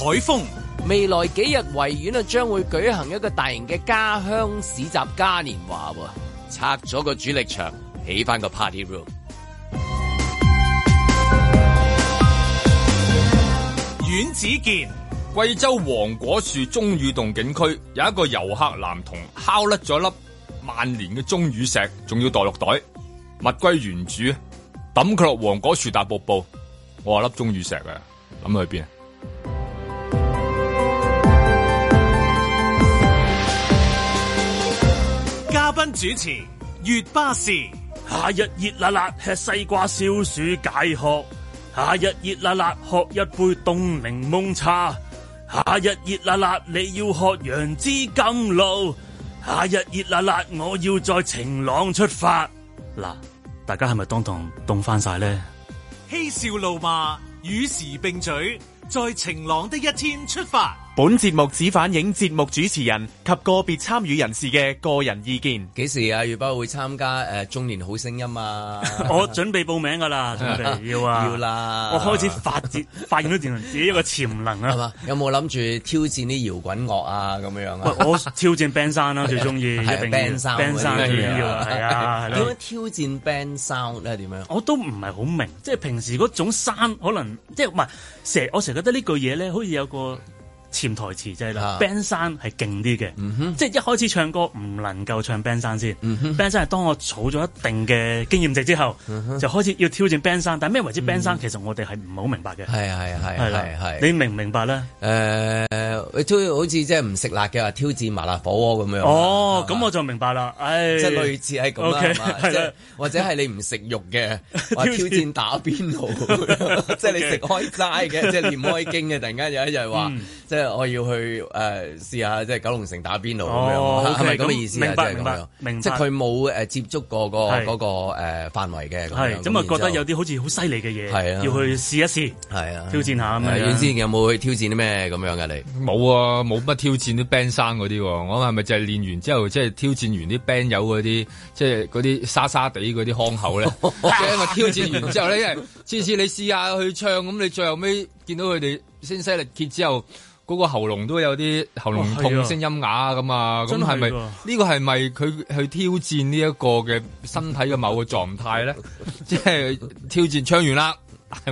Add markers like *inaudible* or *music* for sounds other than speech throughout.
海風未來幾日，維園啊將會舉行一個大型嘅家鄉市集嘉年華。拆咗個主力牆，起翻個 party room。阮子健，貴州黃果樹鐘乳洞景區有一個遊客男童敲甩咗粒萬年嘅鐘乳石，仲要袋落袋，物歸原主，抌佢落黃果樹大瀑布。我話粒鐘乳石啊，諗去邊啊？嘉賓主持，粵巴士。夏日熱辣辣，吃西瓜消暑解渴。夏日熱辣辣，喝一杯凍檸檬茶。夏日熱辣辣，你要喝楊枝甘露。夏日熱辣辣，我要在晴朗出發。嗱，大家係咪當堂凍翻晒呢？嬉笑怒罵，與時並舉，在晴朗的一天出發。本節目只反映節目主持人及個別參與人士嘅個人意見。幾時啊？余波會參加誒、呃《中年好聲音》啊？ *laughs* 我準備報名噶啦，準備要啊， *laughs* 要啦。我開始發展， *laughs* 發現到自己一個潛能啊。 *laughs* 有冇諗住挑戰啲搖滾樂啊？咁樣樣啊？我挑戰 band sound 啦，最中意一定 band sound band sound 最緊要係啊。點、嗯、解、啊啊 *laughs* 是啊、 *laughs* 挑戰 band sound 咧？點 *laughs* 樣我都唔係好明，即係平時嗰種山可能即係唔係成日，我成日覺得呢句嘢咧，好似有個。潛台詞即係啦，band 山係勁啲嘅，即、嗯、係、即係、一開始唱歌唔能夠唱 band 山先。嗯、band 山係當我儲咗一定嘅經驗值之後、嗯，就開始要挑戰 band 山。但係咩為之 band 山、嗯？其實我哋係唔好明白嘅。係係係係你明唔明白咧？誒、呃，你好似即係唔食辣嘅話，挑戰麻辣火鍋咁樣。哦，咁我就明白啦。即係類似係咁啦。或者係你唔食肉嘅話， *laughs* 挑戰打邊爐。 *laughs* *laughs* *laughs* 即係你食開齋嘅，即係唸開經嘅。突然間有一日話。嗯即係我要去誒、呃、試一下，即係九龍城打邊爐咁樣，係咪咁嘅意思、嗯、明，白、就是明白，即係咁樣，即佢冇誒接觸過嗰、那、嗰個誒、那個、範圍嘅。咁啊覺，覺得有啲好似好犀利嘅嘢，係啊，要去試一試，係啊，挑戰下咁樣。以前、啊啊啊、有冇去挑戰啲咩咁樣㗎？你冇啊，冇乜挑戰啲 band 生嗰啲。我係咪就係練完之後，即、就、係、是、挑戰完啲 band 友嗰啲，即係嗰啲沙沙地嗰啲腔口咧？即係我挑戰完之後咧，因為次次你試下去唱，咁你最後尾。見到佢哋聲嘶力竭之後，嗰、那個喉嚨都有啲喉嚨痛、聲音啞啊咁啊，咁係咪呢個係咪佢去挑戰呢一個嘅身體嘅某個狀態咧？即 *laughs* 係挑戰唱完啦。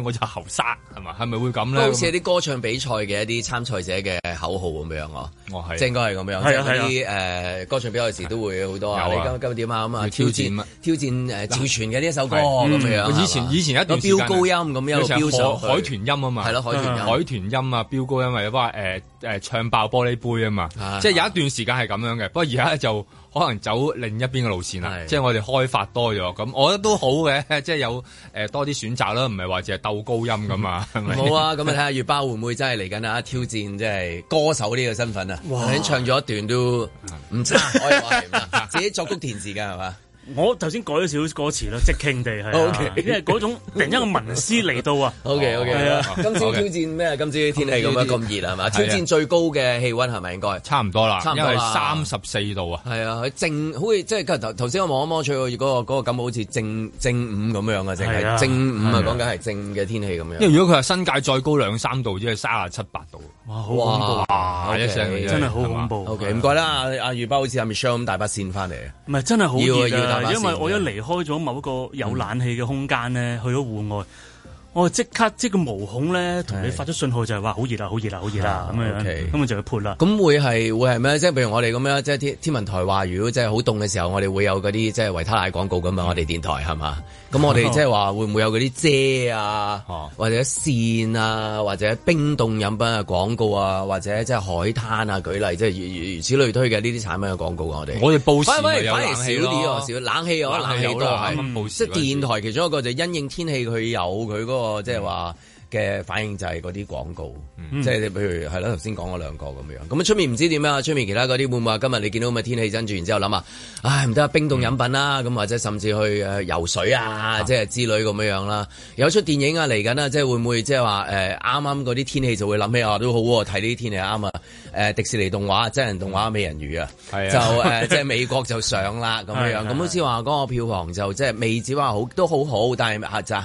我就後生，係嘛？係咪會咁咧？好似啲歌唱比賽嘅一啲參賽者嘅口號咁樣、哦、啊！我係正，應該係咁樣。即係啊！啲、啊呃、歌唱比賽時都會好多啊，啊！你今今點啊？咁啊挑戰挑戰誒、啊、趙傳嘅呢一首歌咁、啊嗯、樣、嗯、以前以前一段時間標高音咁樣，海豚音啊嘛，係咯海豚海豚音啊！標高音咪話誒誒唱爆玻璃杯啊嘛，啊即係有一段時間係咁樣嘅。不過而家就～ *laughs* 可能走另一邊嘅路線啦，是即係我哋開發多咗，咁我覺得都好嘅，即係有誒、呃、多啲選擇啦，唔係話淨係鬥高音咁啊，係、嗯、咪？好啊，咁啊睇下月包會唔會真係嚟緊啊？挑戰即係歌手呢個身份啊！哇，啱啱唱咗一段都唔知，差， *laughs* 自己作曲填詞㗎係嘛？是我頭先改咗少少歌詞咯，即傾地係，因為嗰種突然一個文思嚟到啊。OK OK，係、哦 okay, 啊。今朝挑戰咩？Okay, 今朝天氣咁樣咁熱係嘛、啊？挑戰最高嘅氣温係咪應該，差唔多啦，因為三十四度啊。係啊，佢正好似即係頭頭先我望一望出去嗰個嗰個感好似正正午咁樣嘅，淨係正午，啊，講緊係正嘅、那個那個啊啊啊、天氣咁樣、啊。因為如果佢係新界再高兩三度，即係三十七八度。哇！好恐怖啊、okay, 就是！真係好恐怖。OK，唔該啦，阿阿包好似阿 Michelle 咁大把線返嚟。唔係，真係好熱啊！Okay, 係，因為我一離開咗某一個有冷氣嘅空間咧，去咗戶外。我刻即刻即個毛孔咧，同你發咗信號、okay. 就係話好熱啦，好熱啦，好熱啦，咁咁咪就要撥啦。咁會係會係咩？即係譬如我哋咁樣，即係天天文台話，如果即係好凍嘅時候，我哋會有嗰啲即係維他奶廣告咁、oh. 啊！我哋電台係嘛？咁我哋即係話會唔會有嗰啲遮啊，或者扇啊，或者冰凍飲品嘅廣告啊，或者即係海灘啊？舉例即係、就是、如此類推嘅呢啲產品嘅廣告我哋我哋報時反，反而少啲喎，少冷氣我冷氣都係即係電台，其中一個就因應天氣佢有佢嗰、那個。即係話嘅反應就係嗰啲廣告，嗯、即係譬如係咯，頭先講咗兩個咁樣，咁出面唔知點樣？出面其他嗰啲會唔會今日你見到咁嘅天氣跟住，然之後諗啊，唉唔得啊，冰凍飲品啦，咁、嗯、或者甚至去游水啊，啊即係之類咁樣樣啦。有出電影啊嚟緊啊，即係會唔會即係話誒，啱啱嗰啲天氣就會諗起啊，都好啊，睇呢啲天氣啱啊。誒、呃、迪士尼動畫、真人動畫《美、嗯、人魚》啊，就誒即係美國就上啦咁樣。咁好似話嗰個票房就即係未至話好，都好好，但係嚇就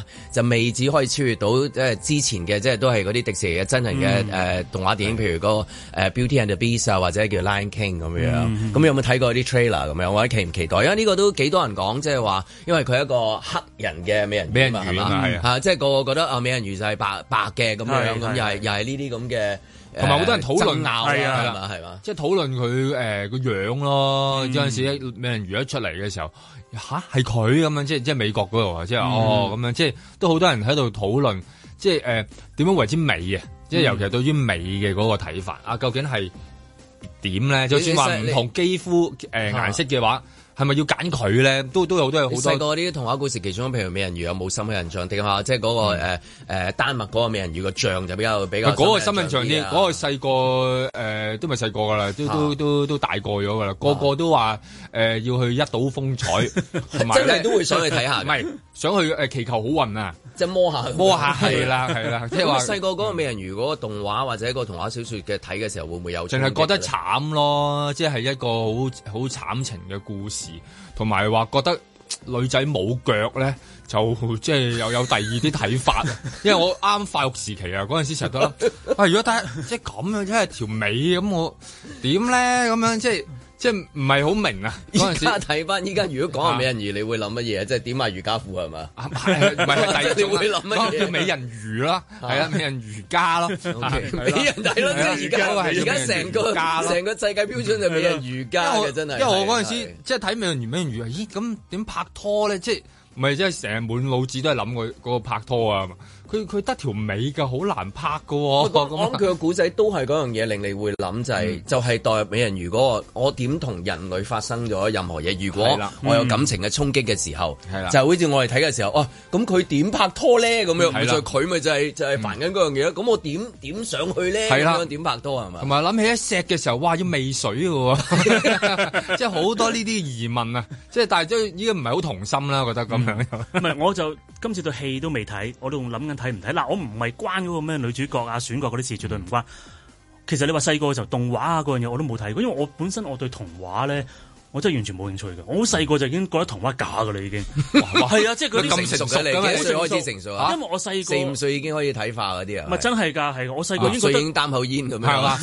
就未至可以超越到即係、呃、之前嘅，即係都係嗰啲迪士尼嘅真人嘅誒、嗯呃、動畫電影，啊、譬如、嗰個誒、呃、Beauty and the Beast 啊，或者叫 Lion King 咁樣。咁、嗯嗯、有冇睇過啲 trailer 咁樣？或者期唔期待？因為呢個都幾多人講，即係話因為佢一個黑人嘅美人魚係、啊啊、即係個個覺得啊，美人魚就係白白嘅咁樣，咁、啊啊啊、又係、啊、又係呢啲咁嘅。同埋好多人討論，係、呃、啊係嘛，即係、啊啊啊啊就是、討論佢誒個樣咯。嗯、有陣時美人魚一出嚟嘅時候，吓、啊，係佢咁樣，即係即係美國嗰度，即係哦咁、嗯、樣，即係都好多人喺度討論，即係誒點樣為之美啊！即、嗯、係尤其係對於美嘅嗰個睇法啊，究竟係點咧？就算話唔同肌膚顏色嘅話。係咪要揀佢咧？都都有，都有好多好多啲童話故事，其中譬如美人魚有冇深嘅印象？定下、那個，即係嗰個誒丹麥嗰個美人魚個像就比較比較嗰、那個深印象啲。嗰、那個細個都咪細個噶啦，都都、啊、都都，都大個咗噶啦，個個都話、呃、要去一睹風采， *laughs* 即係都會想去睇下的。 *laughs* 想去誒祈求好運啊！即係摸下摸下係啦係啦，即話細個嗰個美人魚嗰個動畫或者一個童話小說嘅睇嘅時候會唔會有？淨係覺得慘咯，即係一個好好慘情嘅故事，同埋話覺得女仔冇腳咧，就即係又有第二啲睇法。 *laughs* 因為我啱發育時期時 *laughs* 啊，嗰陣時成日都喂，如果睇 *laughs* 即咁樣即係條尾咁，我點咧咁樣，呢樣即？即係唔係好明啊？嗰陣時睇翻依家，如果講下美人魚， *laughs* 你會諗乜嘢？即係點埋瑜伽褲係嘛？唔係唔係，你會諗乜嘢？叫美人魚啦，係、啊、啦，美人瑜伽咯，okay. 美人底咯，即係而家係而家成個成個世界標準就美人瑜伽嘅，真係。因為我嗰陣時即係睇美人魚，美人魚啊，咦咁點拍拖咧？即係唔係即係成日滿腦子都係諗佢嗰個拍拖啊？佢佢得條尾㗎，好難拍㗎喎、哦。按佢嘅古仔都係嗰樣嘢令你會諗就係，就係代入美人魚嗰我點同人類發生咗任何嘢？如果我有感情嘅衝擊嘅時候，嗯、就好似我哋睇嘅時候，哇、啊！咁佢點拍拖咧？咁樣，佢、嗯、咪就係、是、就係、是、煩緊嗰、嗯、樣嘢咁我點點上去咧？點、嗯、樣樣拍拖係嘛？同埋諗起一錫嘅時候，哇！要未水嘅喎、哦， *laughs* *laughs* *laughs* 即係好多呢啲疑問啊！即係但係都依家唔係好童心啦，我覺得咁樣、嗯。唔 *laughs* 係，我就今次對戲都未睇，我仲諗緊。睇唔睇嗱？我唔係關嗰個咩女主角啊、選角嗰啲事，絕對唔關。其實你話細個時候動畫啊嗰樣嘢，我都冇睇過，因為我本身我對童話咧。我真係完全冇興趣㗎。我好細個就已經覺得童話假㗎啦，已經係啊，即係佢咁成熟嘅你幾歲開始成熟啊？因為我細個四五歲已經可以睇化嗰啲啊，咪真係㗎，係我細個已經覺、啊、已經擔口煙咁樣係嘛？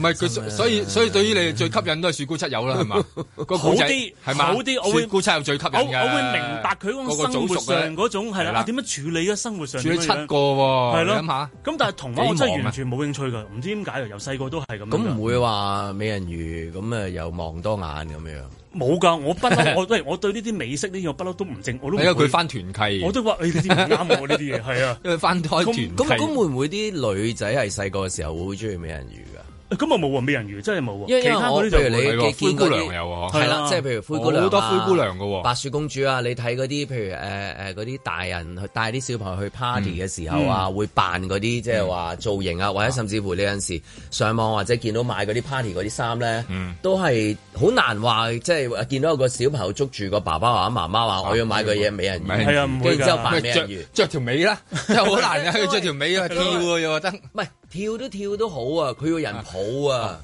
唔係佢，所以所以，所以對於你最吸引都係雪姑七友啦，係嘛？ *laughs* 好啲，嘛？好啲，雪姑七友最吸引我，我會明白佢種生活上嗰種啦，點、那個啊、樣處理啊。生活上。住七個喎、哦，咯，咁，但係童話我真係完全冇興趣嘅，唔知點解啊？由細個都係咁。咁唔會話美人魚咁啊？又望多眼。有咩啊？冇㗎，我不嬲 *laughs* 我喂，我對呢啲美式呢樣不嬲都唔正，我都。因為佢翻團契，我都話你啲唔啱我呢啲嘢，係、哎、啊，因為翻開團契那，咁 *laughs* 會唔會啲女仔係細個嘅時候會好鍾意美人魚㗎？咁啊冇啊，美人魚真係冇喎。其他嗰啲就你睇灰姑娘有喎，係啦，即係譬如灰姑娘好、啊、多灰姑娘嘅、啊、喎。白雪公主啊，你睇嗰啲譬如誒嗰啲大人去帶啲小朋友去 party 嘅時候啊，嗯、會扮嗰啲即係話造型啊、嗯，或者甚至乎呢陣時上網或者見到買嗰啲 party 嗰啲衫咧，都係好難話，即係見到個小朋友捉住個爸爸話媽媽話、啊、我要買個嘢美人魚，跟住之後扮咩嘢？著條尾啦，好 *laughs* 難啊！著條尾啊跳啊 *laughs* 又得，唔係。跳都跳都好啊，佢要人抱啊，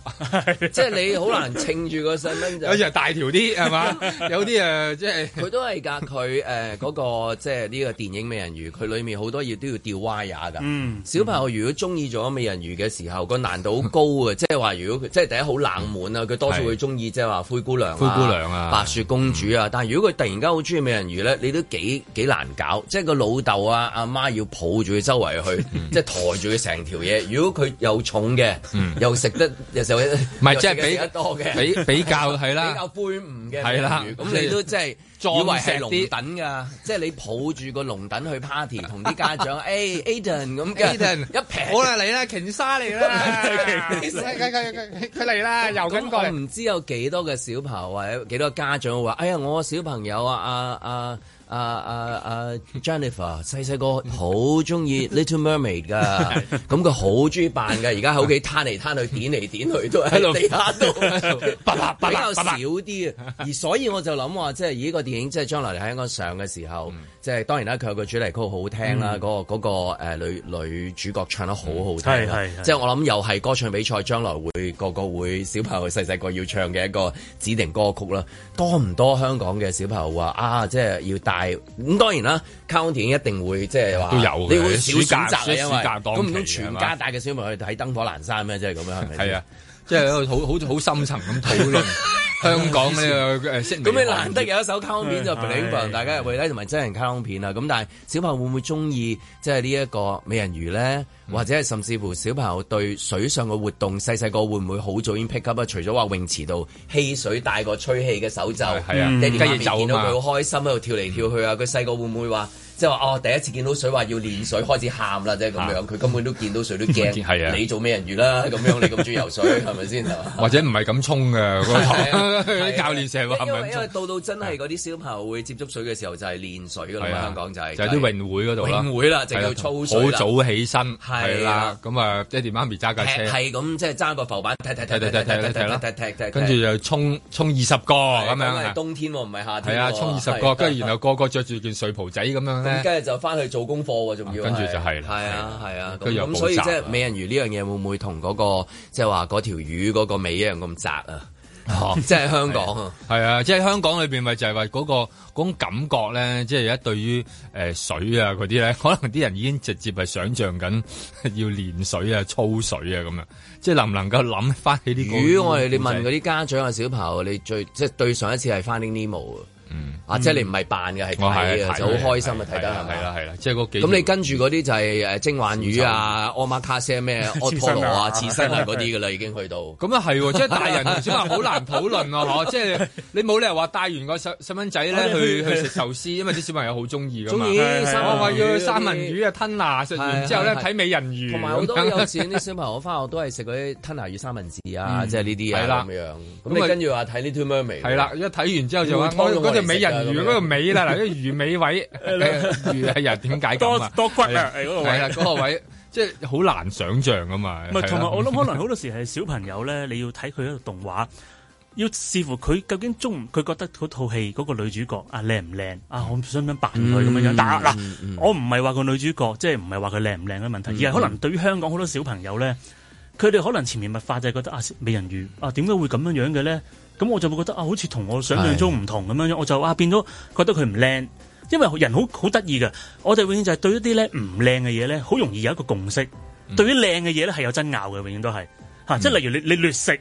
即係你好難稱住個細蚊。有啲大條啲係嘛，有啲誒，即係佢、 *laughs* *laughs* 就是、 *laughs* 都係噶，佢誒嗰個即係呢個電影美人魚，佢裏面好多嘢都要吊威亞噶。嗯，小朋友如果中意咗美人魚嘅時候，個、嗯、難度好高啊。嗯、即係話如果即係第一好冷門啊，佢多數會中意即係話灰姑娘、啊、灰姑娘啊、白雪公主啊。嗯、但係如果佢突然間好中意美人魚咧，你都幾幾難搞，即係個老豆啊、阿媽要抱住佢周圍去，即係抬住佢成條嘢。如果佢又重嘅、嗯，又食得，又食得唔係即係比得多嘅，比比較係啦，比較杯唔嘅，係啦，咁你都即係以為係龍躉㗎，即係、就是、你抱住個龍躉去 party，同啲家長，誒、 *laughs* 哎、，Aden 咁，Aden 一平，好啦，嚟啦，瓊沙嚟啦，佢 *laughs* 嚟、啊、啦，又咁講。我唔知有幾多嘅小朋友，或者幾多家長話，哎呀，我個小朋友啊，啊啊。啊啊啊！Jennifer 細細個好中意 Little Mermaid 噶，咁佢好中意扮嘅。而家喺屋企攤嚟攤去，點嚟點去，掂掂去都喺度，地下都，比較少啲。 *laughs* 而所以我就諗話，即係呢個電影即係將來喺香港上嘅時候，即 *laughs* 係當然啦，佢有個主題曲好聽啦，嗰、 *laughs* 那個誒、那個呃、女女主角唱得好好聽即係、 *laughs* 就是、我諗又係歌唱比賽將來會個個會小朋友細細個要唱嘅一個指定歌曲啦。多唔多香港嘅小朋友話啊，即係要帶？咁當然啦，卡通電影一定會即係話，都有嘅。你會選擇，暑假，因為暑假當期，咁唔通全家帶嘅小朋友去睇《燈火闌珊》咩？即係咁樣係咪？係 *laughs* 啊。即係好好好深層咁討論香港咧咁 *laughs* 你難得有一首卡通片就是是《b 大家入去啦，同埋真人卡通片啊！咁但係小朋友會唔會中意即係呢一個美人魚咧？或者係甚至乎小朋友對水上嘅活動，細細個會唔會好早已經 pick up 啊？除咗話泳池度嬉水帶個吹氣嘅手袖，係啊，爹哋媽咪見到佢好開心喺度跳嚟跳去啊！佢細個會唔會話？即係話哦，第一次見到水，話要練水，開始喊啦，即係咁樣。佢、啊、根本都見到水都驚。 *laughs* 啊！你做美人魚啦，咁樣你咁中意游水，係咪先？或者唔係咁衝嘅嗰堂。啲、啊啊、 *laughs* 教練成日話因為、啊、因為，因為，因為到到真係嗰啲小朋友會接觸水嘅時候就係練水咯，啊、香港係就係、是、啲、就是就是、泳會嗰度。泳會啦，淨要操水好、啊、早起身係啦，咁啊，啊，爹哋媽咪揸架車，係咁即係揸個浮板跟住就衝衝二十個咁樣。冬天唔係夏天。係啊，衝二十個，跟住然後個個着住件睡袍仔咁樣。咁跟住就返去做功課喎，仲要、啊。跟住就係。係啊，係啊。咁、啊啊啊啊啊、所以即係美人魚呢樣嘢會唔會同嗰、那個即係話嗰條魚嗰個尾一樣咁窄呀、啊？即、啊、係、啊就是、香港。係呀、啊，即係、啊就是、香港裏面咪就係話嗰個嗰種感覺呢，即係一對於、呃、水呀嗰啲呢，可能啲人已經直接係想像緊要練水呀、啊、操水呀、啊、咁樣。即、就、係、是、能唔能夠諗返起啲、那個？魚、就是、我哋你問嗰啲家長啊、小朋友，你最即係、就是、對上一次係 Finding Nemo 嗯，啊，即係你唔係扮嘅，係睇嘅，就好開心，那個嗯、啊，睇得係啦係啦，即係嗰咁你跟住嗰啲就係誒蒸皖魚啊，奧馬卡西咩，奧托羅啊，刺身啊嗰啲噶啦，已經去到咁啊係，即係大人同 *laughs* 小朋友好難討論啊， *laughs* 即係你冇理由話帶完個細蚊仔咧 *laughs* 去去食壽司，因為啲小朋友好中意噶嘛，我話要三文魚啊吞拿食完之後咧睇美人魚，同埋好多有陣時啲小朋友翻學都係食嗰啲吞拿魚三文治啊，即係呢啲嘢。咁樣，咁你跟住話睇呢套 Mermaid，係啦，一睇完之後就嗰美人魚嗰個尾啦，嗱啲魚尾位，魚係日點解多多骨、嗰個、 *laughs* 啊！嗰、嗰個位嗰個位，即係好難想象啊嘛。唔係，同埋我諗，可能好多時係小朋友咧，你要睇佢一個動畫，要視乎佢究竟中，佢覺得佢套戲嗰個女主角啊靚唔靚啊？我想唔想扮佢咁樣樣，但係嗱，我唔係話個女主角，即係唔係話佢靚唔靚嘅問題，嗯、而係可能對於香港好多小朋友咧，佢哋可能前面物化就係覺得啊，美人魚啊，點解會咁樣樣嘅咧？咁我就會覺得啊，好似同我想象中唔同咁樣樣，我就啊變咗覺得佢唔靚，因為人好好得意嘅，我哋永遠就係對一啲咧唔靚嘅嘢咧，好容易有一個共識，嗯、對於靚嘅嘢咧，係有爭拗嘅，永遠都係吓，即係例如你你劣食。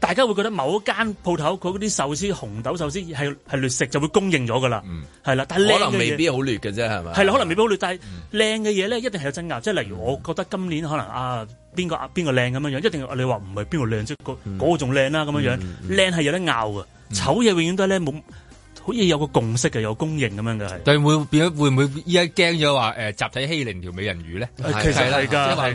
大家會覺得某一間鋪頭佢嗰啲壽司，紅豆壽司係係劣食，就會供應咗噶啦，係、嗯、啦，但係靚可能未必好劣嘅啫，係咪？係啦，可能未必好劣，劣，但係靚嘅嘢咧一定係有爭拗，即、嗯、係例如我覺得今年可能啊邊個邊個靚咁樣樣，一定你話唔係邊個靚，即嗰嗰個仲靚啦咁樣樣，靚、嗯、係、嗯嗯、有得拗嘅、嗯嗯，醜嘢永遠都係靚冇。好似有個共識嘅，有公認咁樣嘅係。對，會變咗，會唔會依家驚咗話誒集體欺凌條美人魚咧？係係啦，即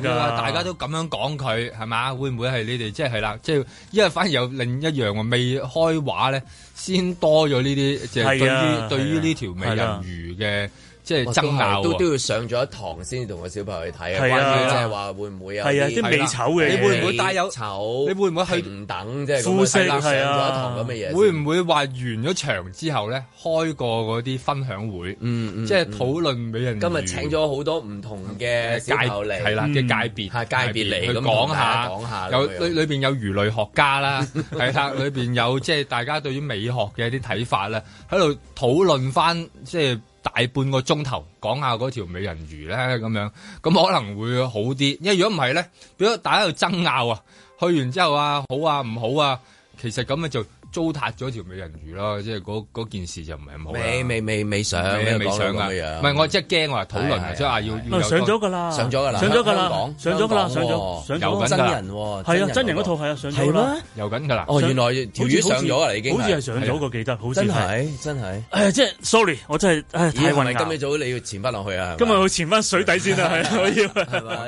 係話大家都咁樣講佢係嘛？會唔會係你哋即係係啦？即係因為反而有另一樣啊，未開畫咧，先多咗呢啲，即係對於對於呢條美人魚嘅。即係爭拗，都都,都要上咗一堂先至同個小朋友去睇啊。關即係話會唔會有啲、啊、美醜嘅，你會唔會帶有醜？你會唔會去？唔等即係膚色？就是啊、上咗一堂咁嘅嘢。會唔會話完咗場之後咧，開過嗰啲分享會？嗯嗯、即係討論美人魚。今日請咗好多唔同嘅界嚟，係啦，嘅界別係界別嚟，咁講下講下。講下有裏裏邊有魚類學家啦，係 *laughs* 啦、啊，裏面有即係、就是、大家對於美學嘅一啲睇法啦，喺度討論翻即係。就是大半個鐘頭講下嗰條美人魚咧，咁樣咁可能會好啲。因為如果唔係咧，變咗大家喺度爭拗啊，去完之後啊，好啊，唔好啊，其實咁樣就。糟蹋咗條美人魚咯，即係嗰件事就唔係咁好未未未未上，未上㗎。唔係、哎、我即係驚，我話討論即係話要上咗㗎啦，上咗㗎啦，上咗㗎啦，上咗㗎啦，上咗。有真人喎，係啊，真人嗰套係啊，上咗啦，有緊㗎啦。哦，原來條魚上咗啊，已經好似係上咗個幾多，真係真係。誒，即係 sorry，我真係太混難。今日早你要潛翻落去啊，今日要潛翻水底先啊，係要。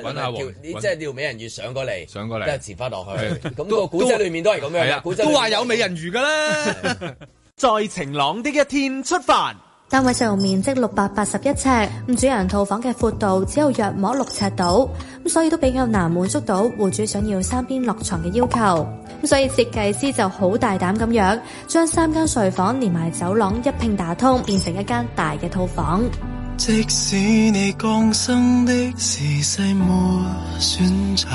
揾下黃，即係條美人魚上過嚟，上過嚟，跟住潛翻落去。咁個古仔裡面都係咁樣，古仔都話有美人魚。 *laughs* *laughs* 在晴朗的一天出發 *laughs* 單位實用面積六百八十一尺，咁主人套房嘅闊度只有約摸六尺度，咁所以都比較難滿足到戶主想要三邊落床嘅要求，咁所以設計師就好大膽咁樣，將三間睡房連埋走廊一併打通，變成一間大嘅套房。即使你降生的時世沒選擇，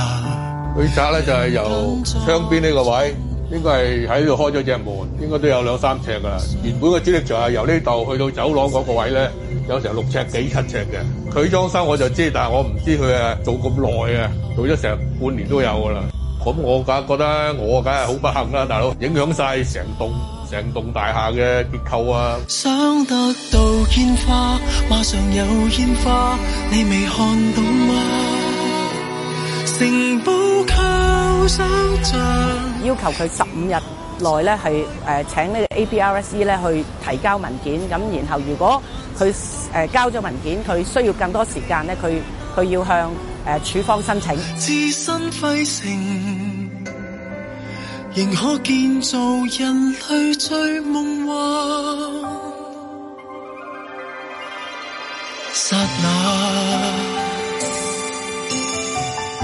佢家咧就係由窗邊呢個位置。應該係喺度開咗隻門，應該都有兩三尺㗎啦。原本嘅主力柱係由呢度去到走廊嗰個位咧，有成六尺幾七尺嘅。佢裝修我就知，但係我唔知佢啊做咁耐啊，做咗成半年都有噶啦。咁我梗係覺得我梗係好不幸啦，大佬影響晒成棟成棟大廈嘅結構啊！想得到煙花，馬上有煙花，你未看到嗎？要求佢十五日內咧，係誒、呃、請個呢個 ABRSE 咧去提交文件，咁然後如果佢誒、呃、交咗文件，佢需要更多時間咧，佢佢要向誒處、呃、方申請。自身廢城，仍可建造人類最夢幻剎那。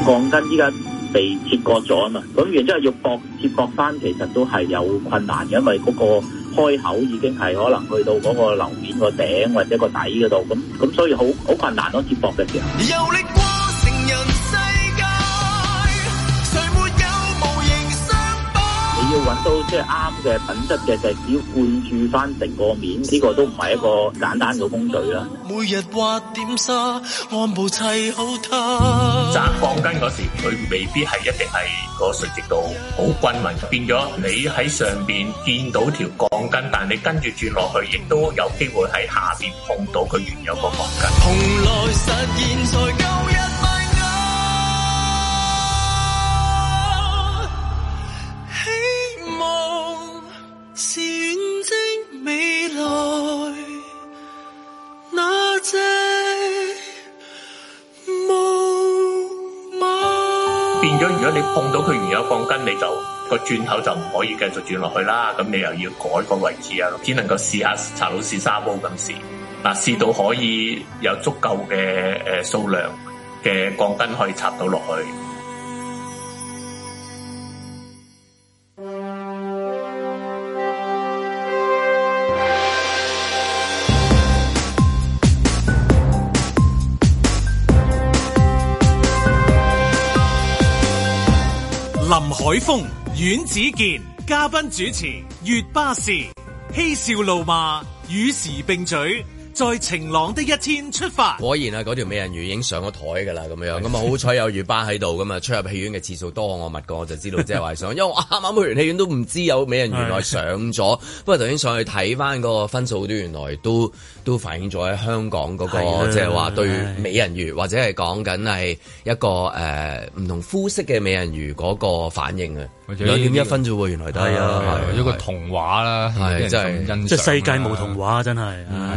鋼筋依家被切割咗啊嘛，咁然之後要駁切割翻，其實都係有困難，因為嗰個開口已經係可能去到嗰個樓面個頂或者個底嗰度，咁咁所以好好困難咯，接駁嘅時候。揾到即係啱嘅品質嘅，就只要灌注翻成個面，呢個都唔係一個簡單嘅工序啦。每日挖點沙，按部砌好他。紮鋼筋嗰時，佢未必係一定係個垂直度好均勻，變咗你喺上邊見到條鋼筋，但你跟住轉落去，亦都有機會喺下邊碰到佢原有個鋼筋。是遠征未來那隻木馬。變咗，如果你碰到佢原有鋼筋，你就個轉頭就唔可以繼續轉落去啦。咁你又要改個位置啊，只能夠試下插到好似沙煲咁試啊，試到可以有足夠嘅誒數量嘅鋼筋可以插到落去。海峰、阮子健，嘉賓主持，粵巴士，嬉笑怒罵，與時並舉。在晴朗的一天出發。果然啊，嗰條美人魚已經上咗台噶啦，咁樣咁啊，好彩有魚巴喺度，咁啊出入戲院嘅次數多我密，我密過我就知道，即係話想， *laughs* 因為我啱啱去完戲院都唔知道有美人魚來上咗。不過頭先上去睇返個分數都，原來都都反映咗喺香港嗰、那個，即係話對美人魚是或者係講緊係一個誒唔、呃、同膚色嘅美人魚嗰個反應啊。兩點一分啫喎，原來都係咯，一個童話啦，係真係，即世界冇童話、啊、真係、嗯，